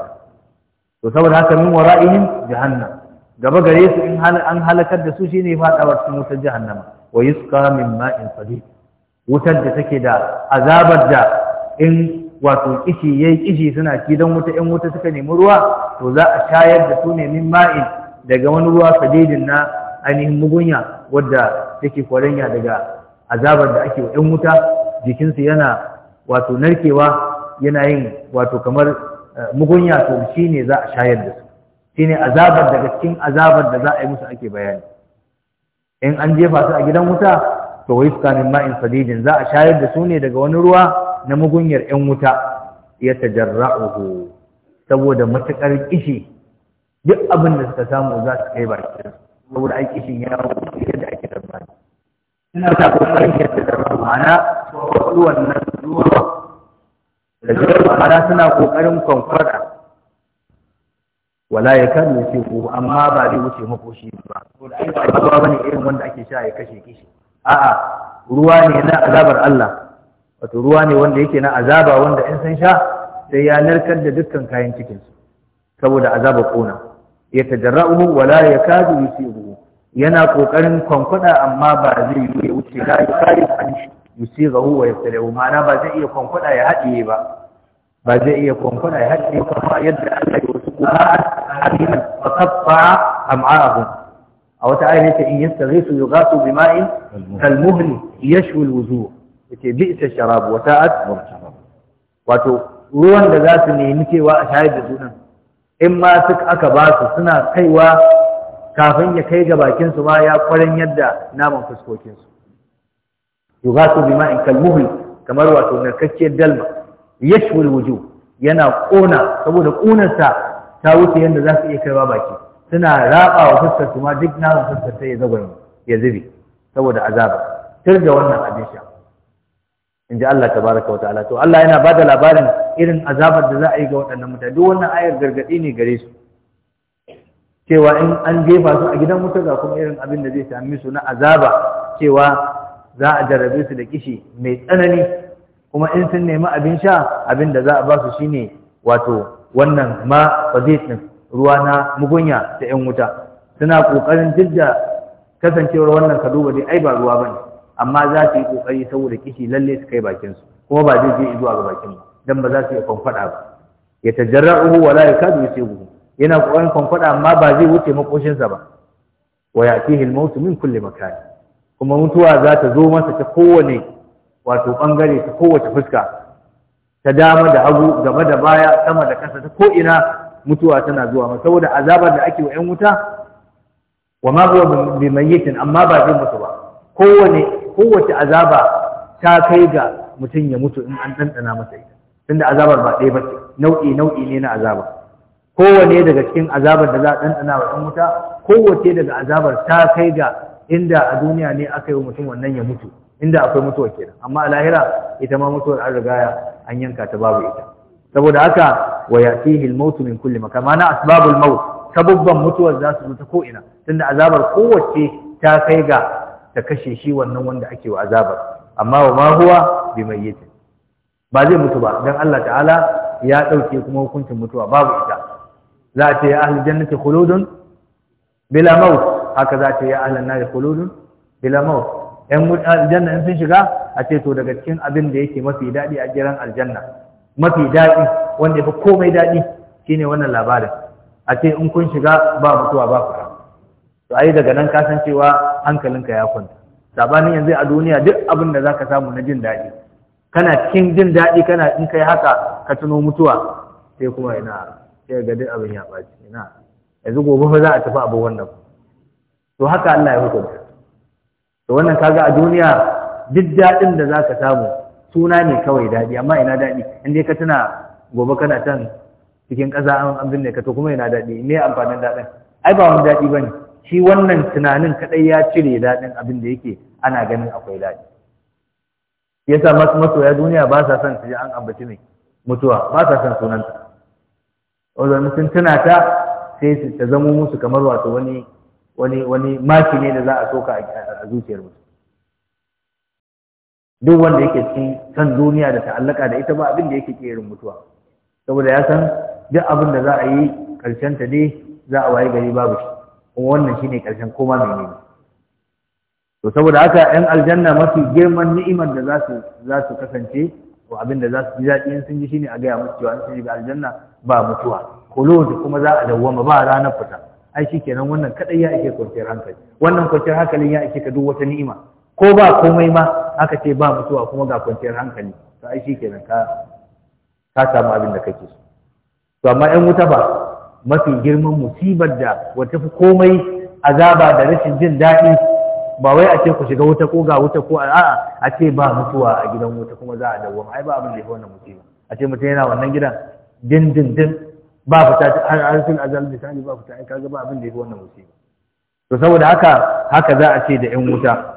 Speaker 1: to saboda haka min wara'ihim jahannam gaba gare su in an halakar da su shine wa cikin wutar jahannama wa yusqa min ma'in sadid wutar da take da azabar da in wato kishi yayi kishi suna kidan wuta in wuta suka nemi ruwa to za a tayar da su ne min ma'in daga wani ruwa sadidin na ainihin mugunya wadda take kwarenya daga azabar da ake wa 'yan wuta jikinsu yana wato narkewa yana yin wato kamar eh, mugunya to shi ne za a shayar da su shi ne azabar daga cikin azabar da za a yi musu ake bayani in an jefa su a gidan wuta to wai suka kanin ma'in sadidin za a shayar da su ne daga wani ruwa na mugunyar yan wuta ya tajarra'uhu saboda matuƙar kishi duk abin da suka samu za su kai baki. saboda ai kishin ya wuce yadda ake tsammani ina ta kokarin yadda da ma'ana ko wannan ruwa da jirgin suna ƙoƙarin kwankwada wala ya kan ya ce ko amma ba zai wuce makoshi ba ko da aiki ba ba bane irin wanda ake sha ya kashe kishi a'a ruwa ne na azabar Allah wato ruwa ne wanda yake na azaba wanda in san sha sai ya narkar da dukkan kayan cikin su saboda azaba kona ya tajarra'uhu wala ya yakadu yusibuhu yana kokarin kwankwada amma ba zai yi ya wuce kayan yakadu an shi yusighahu wa yastalihu ma'ana ba zai iya kwankwada ya haɗiye ba ba zai iya kwankwada ya haɗiye ba yadda Allah ya wasu kuma hadiman fa kaffa am'a'ahum a wata ayar yace in yastaghisu yughasu bima'in kalmuhli yashwi alwuzu yace bi'sa sharab wa ta'at wato ruwan da za su nemi cewa a shayar da sunan in ma suka aka ba su suna kaiwa kafin ya kai ga bakin su ma ya kwaran yadda naman fuskokin su yughasu in kalmuhl kamar wato narkakkiyar dalma yashwi wuju yana kona saboda ƙunarsa ta wuce yadda za su iya kaiwa baki suna raba wa fuskar su ma duk naman fuskar ta ya zagwanye ya zube saboda azaba tir da wannan abin sha in ji Allah tabaraka wa ta'ala to Allah yana bada labarin irin azabar da za a yi ga waɗannan mutane duk wannan ayar gargaɗi ne gare su cewa in an jefa su a gidan wuta ga kuma irin abin da zai sami su na azaba cewa za a jarrabe su da kishi mai tsanani kuma in sun nemi abin sha abin da za a ba su ne wato wannan ma zai din ruwa na mugunya ta yan wuta suna kokarin jidda kasancewar wannan kadu ba dai ai ba ruwa ba ne. amma za su yi kokari saboda kishi lalle su kai bakin kuma ba zai je zuwa ga bakin ba dan ba za su yi kwankwada ba ya uhu wala ya yakadu yusibuhu yana kokarin kwankwada amma ba zai wuce makoshinsa ba wa yatihi al-mawt min kulli makan kuma mutuwa za ta zo masa ta kowane wato bangare ta kowace fuska ta dama da hagu gaba da baya sama da kasa ta ko ina mutuwa tana zuwa masa saboda azabar da ake wa ƴan wuta wa ma huwa bi mayyitin amma ba zai mutu ba kowane kowace azaba ta kai ga mutum ya mutu in an dandana masa ita tunda azabar ba ɗaya ce. nau'i nau'i ne na azaba kowane daga cikin azabar da za a dandana wa ƴan wuta kowace daga azabar ta kai ga inda a duniya ne aka yi mutum wannan ya mutu inda akwai mutuwa kenan amma a lahira ita ma mutuwar an riga an yanka ta babu ita saboda haka wa yatihi al-maut min kulli makan asbabul maut sababban mutuwar za su zo ta ko ina tunda azabar kowace ta kai ga ta kashe shi wannan wanda ake wa azabar amma wa ma huwa bi mayyitin ba zai mutu ba dan Allah ta'ala ya dauke kuma hukuncin mutuwa babu ita za a ce ya ahli jannati khuludun bila maut haka za ta yi ahlan na da bila Filamau. yan aljanna in sun shiga a ce to daga cikin abin da yake mafi daɗi a jiran aljanna mafi daɗi wanda fi komai daɗi shine wannan labarin a ce in kun shiga ba mutuwa ba fara to ai daga nan ka san cewa hankalinka ya kwanta sabanin yanzu a duniya duk abin da zaka samu na jin daɗi kana cikin jin daɗi kana in kai haka ka tuno mutuwa sai kuma ina sai ga duk abin ya ɓaci ina yanzu gobe fa za a tafi abu wannan to haka Allah ya hukunta to wannan kaga a duniya duk daɗin da zaka samu suna ne kawai daɗi amma ina daɗi in ka tuna gobe kana can cikin ƙasa an binne ka to kuma ina daɗi me amfanin daɗin ai ba wani daɗi bane shi wannan tunanin kadai ya cire daɗin abin da yake ana ganin akwai daɗi yasa masu masoya duniya ba sa son su ji an ambaci mai mutuwa ba sa son sunanta wanda sun tuna ta sai ta zamo musu kamar wato wani wani wani maki ne da za a soka a zuciyar mutum duk wanda yake cikin san duniya da ta'allaka da ita ba abin da yake kerin mutuwa saboda ya san duk abin da za a yi karshen ta dai za a waye gari babu shi kuma wannan shine karshen koma menene to saboda haka yan aljanna mafi girman ni'imar da za su za su kasance ko abin da za su ji daɗi in sun ji shine a gaya musu cewa in sun ji aljanna ba mutuwa kulud kuma za a dawwama ba ranar fita ai kenan wannan kadai ya ake kwanciyar hankali wannan kwanciyar hankalin ya ake ka duk wata ni'ima ko ba komai ma aka ce ba mutuwa kuma ga kwanciyar hankali to ai kenan ka ka samu abin da kake so to amma ƴan wuta ba mafi girman musibar da wata fi komai azaba da rashin jin daɗi ba wai a ce ku shiga wuta ko ga wuta ko a'a a ce ba mutuwa a gidan wuta kuma za a dawo ai ba abin da ya wannan musiba a ce mutum yana wannan gidan din din din ba fita har arsin azal bisani ba fita in kaga ba abin da yake wannan musiba to saboda haka haka za a ce da 'yan wuta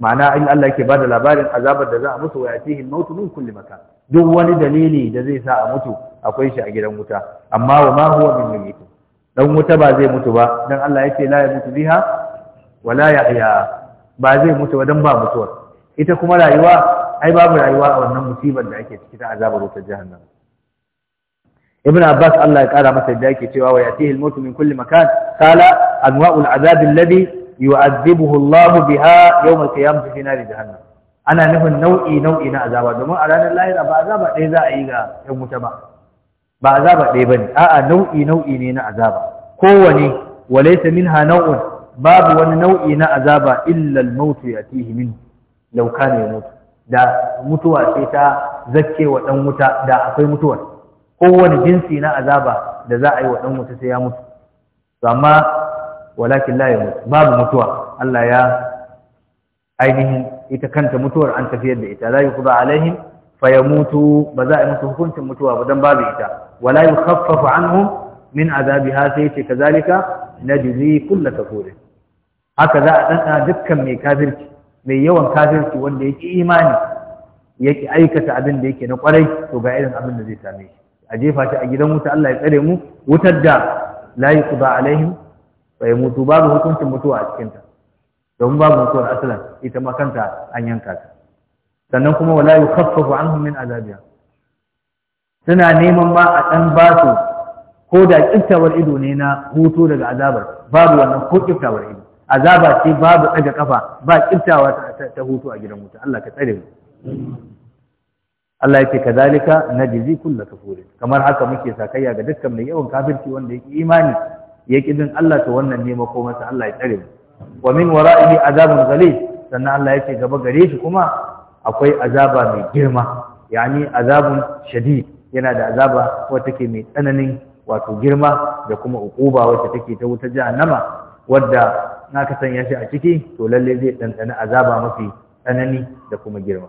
Speaker 1: ma'ana in Allah yake bada labarin azabar da za a mutu wa yatihi mautu min kulli makan duk wani dalili da zai sa a mutu akwai shi a gidan wuta amma wa ma huwa min mayyit dan wuta ba zai mutu ba dan Allah yake la yamutu biha wa la yahya ba zai mutu ba dan ba mutuwa ita kuma rayuwa ai babu rayuwa a wannan musibar da ake ciki ta azabar wutar jahannama ibn abbas Allah ya kara masa da yake cewa wa yatihi al-mautu min kulli makan qala anwa'ul azab alladhi yu'adhibuhu Allah biha yawm al-qiyamah fi nar jahannam ana nufin nau'i nau'i na azaba domin a ranar lahira ba azaba ɗaya za a yi ga ɗan wuta ba ba azaba ɗaya bane a'a nau'i nau'i ne na azaba kowane walaysa minha nau'un babu wani nau'i na azaba illa al-maut yatihi minhu law kana yamut da mutuwa ce ta zakke wa dan wuta da akwai mutuwar kowane jinsi na azaba da za a yi wa ɗan wuta sai ya mutu to amma walakin la mutu babu mutuwa Allah ya ainihin ita kanta mutuwar an tafiyar da ita la yuqda alaihim fayamutu ba za a yi musu hukuncin mutuwa ba dan babu ita wala yukhaffafu anhum min azabiha sai ce kazalika najzi kullu kafur haka za a dana dukkan mai kafirci mai yawan kafirci wanda yake imani yake aikata abin da yake na kwarai to ga irin abin da zai same shi a jefa shi a gidan wuta Allah ya tsare mu wutar da la yuqda alaihim fa yamutu babu hukuncin mutuwa a cikinta. ta don babu mutuwar asalan ita ma kanta an yanka ta sannan kuma wala yukhaffafu anhum min azabiha suna neman ma a dan ba su ko da kiftawar ido ne na hutu daga azabar babu wannan ko kiftawar ido azaba ce babu daga kafa ba kiftawa ta hutu a gidan wuta Allah ka tsare mu Allah ya ce na najzi kulla kafurin kamar haka muke sakayya ga dukkan mai yawan kafirci wanda ya ki imani ya kidin Allah ta wannan ne ko masa Allah ya tsare mu wa min wara'ihi azabun ghalib sannan Allah ya ce gaba gare shi kuma akwai azaba mai girma yani azabun shadid yana da azaba wacce take mai tsananin wato girma da kuma ukuba wacce take ta wuta jahannama wadda na ka sanya shi a ciki to lalle zai ɗanɗana azaba mafi tsanani da kuma girma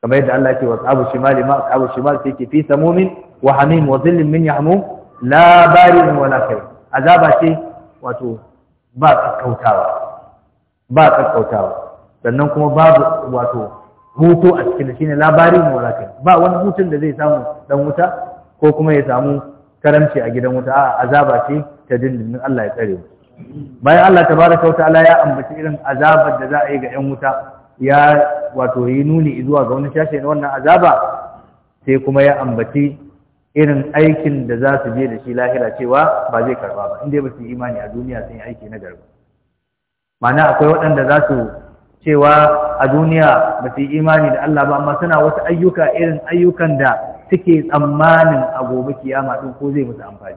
Speaker 1: kamar yadda Allah ke wasu abu shimali ma abu shimal sai ke fi samomin wa hamim wa zillin min yahmum la barin wala kai azaba ce wato ba kakkautawa ba kakkautawa sannan kuma babu wato hutu a cikin shi ne labarin wa lafai ba wani hutun da zai samu dan wuta ko kuma ya samu karamci a gidan wuta a azaba ce ta dindindin Allah ya tsare mu bayan Allah tabaraka wa ta'ala ya ambaci irin azabar da za a yi ga 'yan wuta ya wato yi nuni zuwa ga wani sashe na wannan azaba sai kuma ya ambaci irin aikin da za su je da shi lahira cewa ba zai karba ba inda ba su imani a duniya sun yi aiki na garba mana akwai waɗanda za su cewa a duniya ba su yi imani da Allah ba amma suna wasu ayyuka irin ayyukan da suke tsammanin a gobe kiyama din ko zai musu amfani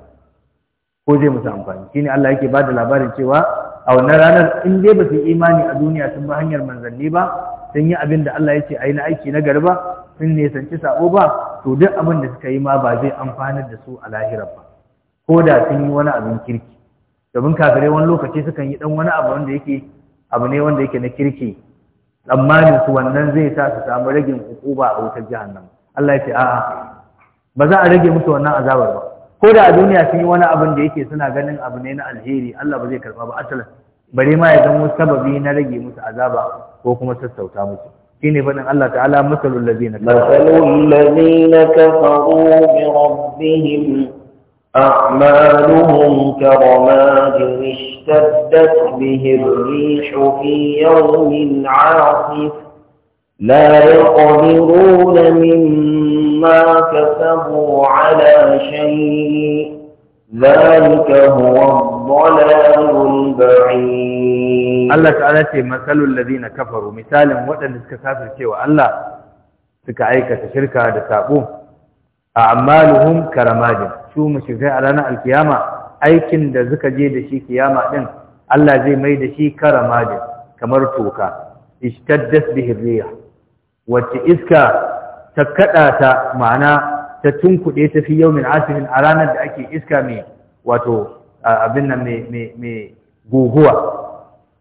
Speaker 1: ko zai musu amfani shine Allah yake ba da labarin cewa a wannan ranar in dai ba su yi imani a duniya sun ba hanyar manzanni ba sun yi abin da Allah ya ce a yi na aiki na ba? sun nisanci sabo ba to duk abin da suka yi ma ba zai amfanar da su a lahirar ba ko da sun yi wani abin kirki domin kafirai wani lokaci sukan yi dan wani abu wanda yake abu ne wanda yake na kirki tsammanin su wannan zai sa su samu ragin hukuba a wutar jihannan Allah ya ce a'a ba za a rage musu wannan azabar ba ko da a duniya sun yi wani abin da yake suna ganin abu ne na alheri Allah ba zai karba ba atalas bare ma ya zama sababi na rage musu azaba ko kuma sassauta musu Shi ne faɗin Allah ta'ala masalul ladina masalul ladina
Speaker 2: kafaru bi rabbihim لا يقدرون مما ما كسبوا على شيء ذلك هو الضلال البعيد الله تعالى
Speaker 1: ce masalul ladina kafaru misalin waɗanda suka kafirce wa Allah suka aikata shirka da sabo a'maluhum karamadin su mushrikai a ranar alkiyama aikin da suka je da shi kiyama din Allah zai mai da shi karamadin kamar toka ishtaddat bihi riyah wacce iska ta kada ta ma'ana ta tunkuɗe ta fi yaumin asirin a ranar da ake iska mai wato abin nan mai guguwa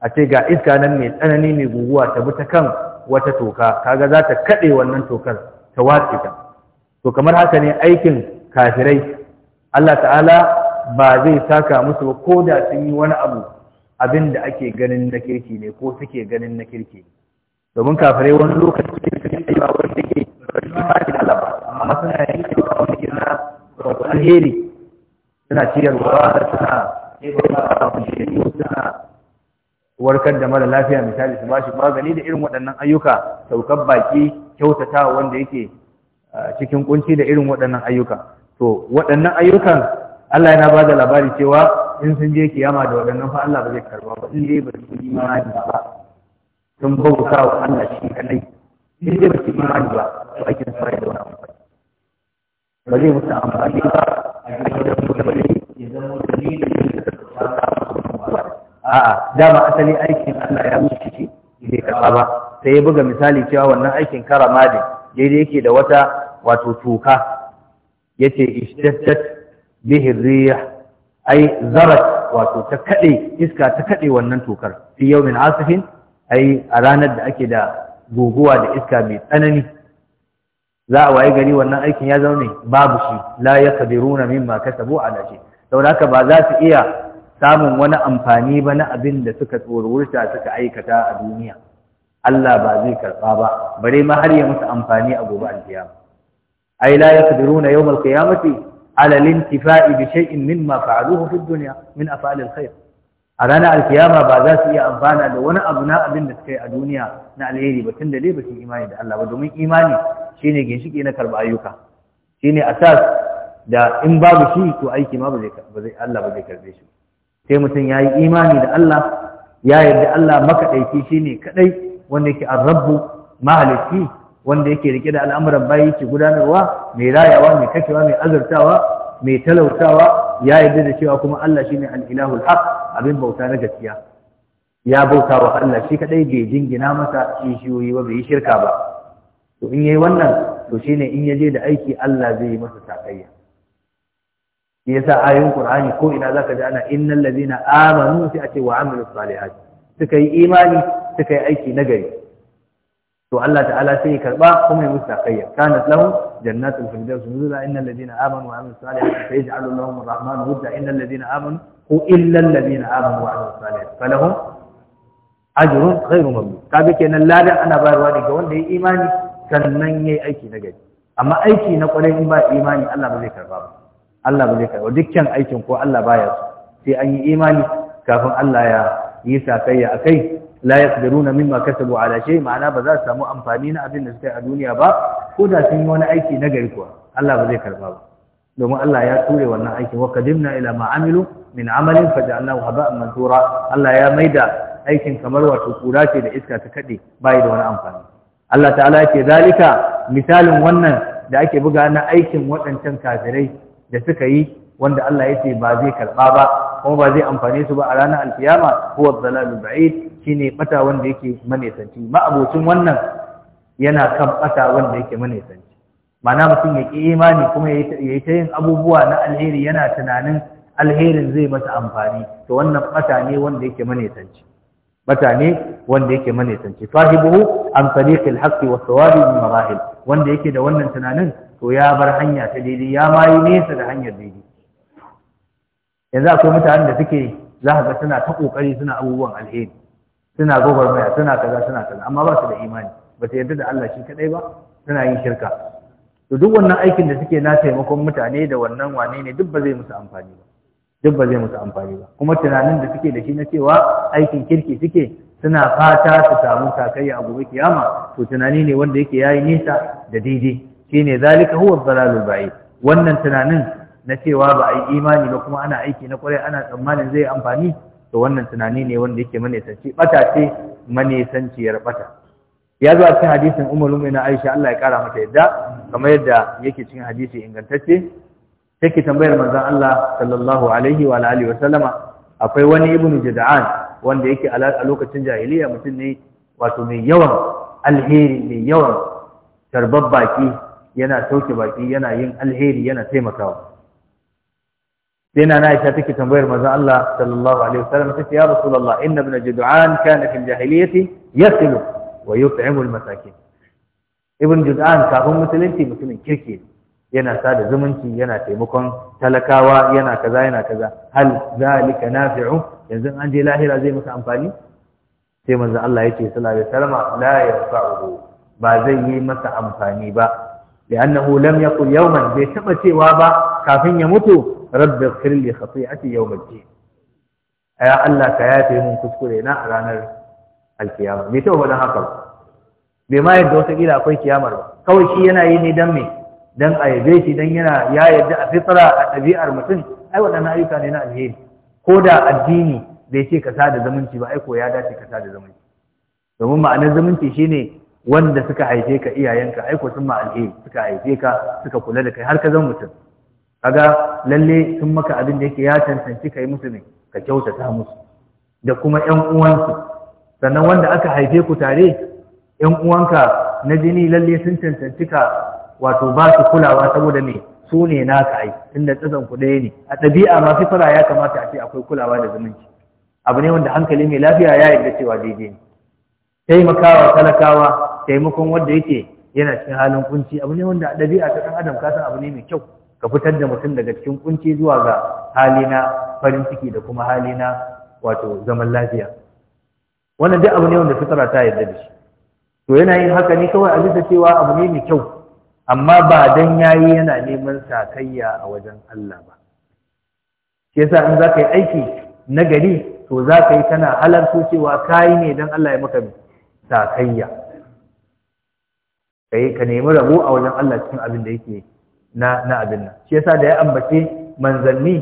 Speaker 1: a ce ga iska nan mai tsanani mai guguwa ta bi ta kan wata toka kaga za ta kaɗe wannan tokar ta watsi ta to kamar haka ne aikin kafirai Allah ta'ala ba zai saka musu ba ko da sun yi wani abu abin da ake ganin na kirki ne ko suke ganin na kirki domin kafirai wani lokaci suke amma suna yin wani gina wato alheri suna ciyarwa da suna suna warkar da mara lafiya misali su bashi magani da irin waɗannan ayyuka saukar baki kyautata wanda yake cikin kunci da irin waɗannan ayyuka to waɗannan ayyukan Allah yana ba da labari cewa in sun je kiyama da waɗannan fa Allah ba zai karba ba in dai ba su yi imani ba sun bauta wa Allah shi kadai in dai ba su imani ba su aikin su da wani abu. ba zai musu amfani ba a da mu da bale ya zama dalilin da ta samu da. a'a dama asali aikin Allah ya musu shi bai karɓa ba sai ya buga misali cewa wannan aikin karama ne daidai yake da wata wato tuka yace ishtattat bihi riyah ai zarat wato ta kade iska ta kade wannan tokar fi yawmin asifin ai a ranar da ake da guguwa da iska mai tsanani za a waye gari wannan aikin ya zaune babu shi la yaqdiruna mimma kasabu ala shi saboda haka ba za su iya samun wani amfani ba na abin da suka tsorurta suka aikata a duniya Allah ba zai karɓa ba bare ma har ya musu amfani a gobe alkiyama ai la yaqdiruna yawm alqiyamati ala lintifa'i bi shay'in mimma fa'aluhu fi dunya min af'al alkhair a ranar alkiyama ba za su iya amfana da wani abu na abin da suka yi a duniya na alheri ba tun da dai ba su imani da Allah ba domin imani shi ne ginshiki na karba ayyuka Shi a asas da in babu shi to aiki ma ba zai Allah ba zai karɓe shi sai mutum ya yi imani da Allah ya yarda Allah shi ne kaɗai wanda yake a rabbu mahalicci. wanda yake rike da al'amuran bayi yake gudanarwa mai rayawa mai kashewa mai azurtawa mai talautawa ya yarda da cewa kuma Allah shine al-ilahul abin bauta na gaskiya ya bauta wa Allah shi kadai bai jingina masa kishiyoyi ba bai yi shirka ba to in yayi wannan to shine in yaje da aiki Allah zai yi masa sakayya shi yasa ayoyin Qur'ani ko ina zaka ji ana innal ladina amanu sai a ce wa amilus suka yi imani suka yi aiki nagari to Allah ta'ala sai ya karba kuma ya musu takayya kanat lahum jannatul firdaus nuzula innal ladina amanu wa amilus salihati sayaj'alu lahum arrahman wudda innal ladina amanu ko illa alladina amanu wa amilus salihati falahum ajrun ghairu mamnun Kabe kenan ladan ana bayarwa ne ga wanda ya imani sannan yayi aiki na gari amma aiki na kwarai in ba imani Allah ba zai karba ba Allah ba zai karba dukkan aikin ko Allah baya so sai an yi imani kafin Allah ya yi sakayya akai la yaqdiruna mimma kasabu ala shay ma'ana ba za su samu amfani na abin da suka yi a duniya ba ko da sun yi wani aiki na gari kuwa Allah ba zai karba ba domin Allah ya ture wannan aikin wa qadimna ila ma min amalin faj'alnahu haba'an mansura Allah ya maida aikin kamar wato kura ce da iska ta kade bai da wani amfani Allah ta'ala yake zalika misalin wannan da ake buga na aikin waɗancan kafirai da suka yi wanda Allah ya ce ba zai karba ba kuma ba zai amfane su ba a ranar alkiyama ko dhalalul ba'id shine bata wanda yake manesanci ma'abocin wannan yana kan bata wanda yake manesanci ma'ana mutum yake imani kuma yayi ta yin abubuwa na alheri yana tunanin alherin zai masa amfani to wannan bata ne wanda yake manesanci bata ne wanda yake manesanci an tariqil haqqi wa sawabi min marahil wanda yake da wannan tunanin to ya bar hanya ta daidai ya mayi nesa da hanyar daidai yanzu akwai mutanen da suke za ka ga suna ta kokari suna abubuwan alheri suna gwagwarmaya suna kaza suna kaza amma ba su da imani ba su yarda da Allah shi kadai ba suna yin shirka to duk wannan aikin da suke na taimakon mutane da wannan wane ne duk ba zai musu amfani ba duk ba zai musu amfani ba kuma tunanin da suke da shi na cewa aikin kirki suke suna fata su samu sakayya a gobe kiyama to tunani ne wanda yake yayi nisa da daidai shine zalika huwa dhalalul ba'id wannan tunanin na cewa ba a yi imani ba kuma ana aiki na kwarai ana tsammanin zai amfani to wannan tunani ne wanda yake manisanci bata ce manisanciyar bata ya zo a cikin hadisin Umar na Aisha Allah ya kara mata yadda kamar yadda yake cikin hadisi ingantacce take tambayar manzon Allah sallallahu alaihi wa alihi wa sallama akwai wani ibnu jada'an wanda yake a lokacin jahiliya mutum ne wato mai yawan alheri mai yawan tarbar baki yana sauke baki yana yin alheri yana taimakawa sai na Aisha take tambayar maza Allah sallallahu alaihi wasallam tace ya rasulullah inna ibn jud'an kana fil jahiliyyati yasilu wa yut'imu al masakin ibn jud'an kafin musulunci mutumin kirki yana sada zumunci yana taimakon talakawa yana kaza yana kaza hal zalika nafi'u yanzu an je lahira zai masa amfani sai manzon Allah yace sallallahu alaihi wasallam la yanfa'uhu ba zai yi masa amfani ba li'annahu lam yakul yawman bai taba cewa ba kafin ya mutu rabbi ighfir li khati'ati yawm al-din ya Allah ka yafe mun kuskure na a ranar alkiyama bai taɓa faɗin haka ba bai ma yadda wata kila akwai kiyamar ba kawai shi yana yi ne dan me dan a yabe shi dan yana ya yadda a fitra a ɗabi'ar mutum ai waɗannan ayyuka ne na alheri ko da addini bai ce ka sada zumunci ba aiko ya dace ka sada zumunci domin ma'anar zumunci shine wanda suka haife ka iyayenka aiko sun ma alheri suka haife ka suka kula da kai har ka zama mutum kaga lalle sun maka abin da yake ya cancanci kai musu ne ka kyautata musu da kuma ƴan uwansu sannan wanda aka haife ku tare ƴan uwanka na jini lalle sun cancanci ka wato ba su kulawa saboda me su ne naka ai tunda tsazan ku ɗaya ne a ɗabi'a ma fara ya kamata a ce akwai kulawa da zumunci abu ne wanda hankali mai lafiya ya yarda cewa daidai ne taimakawa talakawa taimakon wanda yake yana cikin halin kunci abu ne wanda a ɗabi'a ta ɗan adam ka san abu ne mai kyau ka fitar da mutum daga cikin kunci zuwa ga hali na farin ciki da kuma hali na wato zaman lafiya wannan duk abu ne wanda fitara ta yarda da shi to yana yin haka ne kawai a bisa cewa abu ne mai kyau amma ba dan yayi yana neman sakayya a wajen Allah ba shi yasa in za ka yi aiki na gari to za ka yi kana halarto cewa kayi ne dan Allah ya maka sakayya ka ka nemi rabo a wajen Allah cikin abin da yake na na abin nan shi yasa da ya ambace manzanni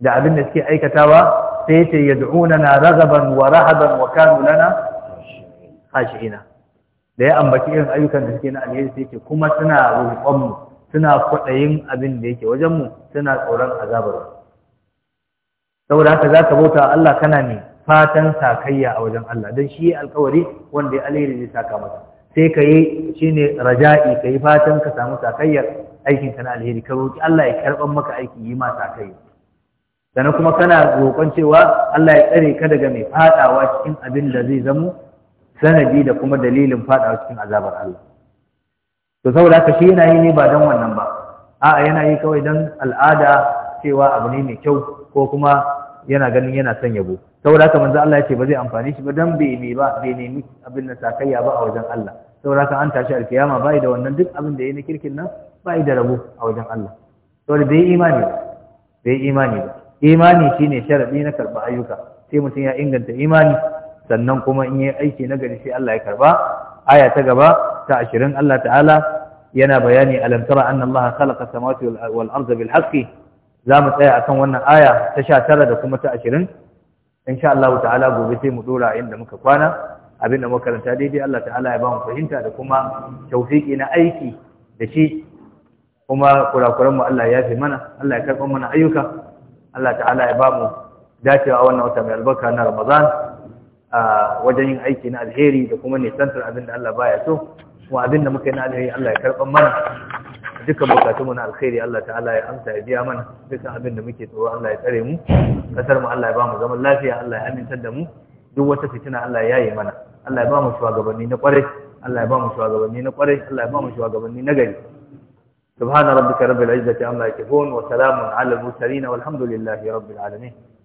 Speaker 1: da abin da suke aikatawa sai ya ce na ragaban wa rahaban wa kanu lana khashi'ina da ya ambaci irin ayyukan da suke na alheri sai kuma suna roƙon mu suna kwaɗayin abin da yake wajen mu suna tsoron azabar saboda haka zaka bauta Allah kana ne fatan sakayya a wajen Allah dan shi alƙawari wanda ya alheri zai saka masa sai ka yi shine raja'i ka yi fatan ka samu sakayyar aikin ka na alheri ka roƙi Allah ya karɓar maka aikin yi ma sakayya sannan kuma kana roƙon cewa Allah ya tsare ka daga mai faɗawa cikin abin da zai zamo sanadi da kuma dalilin faɗawa cikin azabar Allah to saboda haka shi yana yi ne ba don wannan ba a'a yana yi kawai don al'ada cewa abu ne mai kyau ko kuma yana ganin yana son yabo saboda haka manzo Allah ya ce ba zai amfani shi ba dan bai nemi ba bai nemi abin da sakayya ba a wajen Allah saboda haka an tashi alkiyama bai da wannan duk abin da yayi na kirkin nan bai da rabo a wajen Allah saboda bai imani ba bai imani ba imani shine sharadi na karba ayyuka sai mutum ya inganta imani sannan kuma in yi aiki na gari sai Allah ya karba aya ta gaba ta 20 Allah ta'ala yana bayani alam tara anna Allah khalaqa samawati wal arda bil haqqi za mu tsaya akan wannan aya ta sha tara da kuma ta ashirin insha Allah ta'ala gobe sai mu dora inda muka kwana abinda makaranta daidai Allah ta'ala ya ba mu fahimta da kuma tawfiki na aiki da shi kuma kurakuran mu Allah ya yafe mana Allah ya karɓa mana ayyuka Allah ta'ala ya ba mu dacewa wannan wata mai albarka na Ramadan a wajen yin aiki na alheri da kuma nisantar abinda Allah baya so kuma abinda muka yi na alheri Allah ya karɓa mana dukkan bukatun mu na alkhairi Allah ta'ala ya amsa ya biya mana dukkan abin da muke tsoro Allah ya tsare mu kasar mu Allah ya ba mu zaman lafiya Allah ya aminta da mu duk wata fitina Allah ya yi mana Allah ya ba mu shugabanni na kwarai Allah ya ba mu shugabanni na kwarai Allah ya ba mu shugabanni na gari subhana rabbika rabbil izzati amma yasifun wa salamun ala al mursalin walhamdulillahi rabbil alamin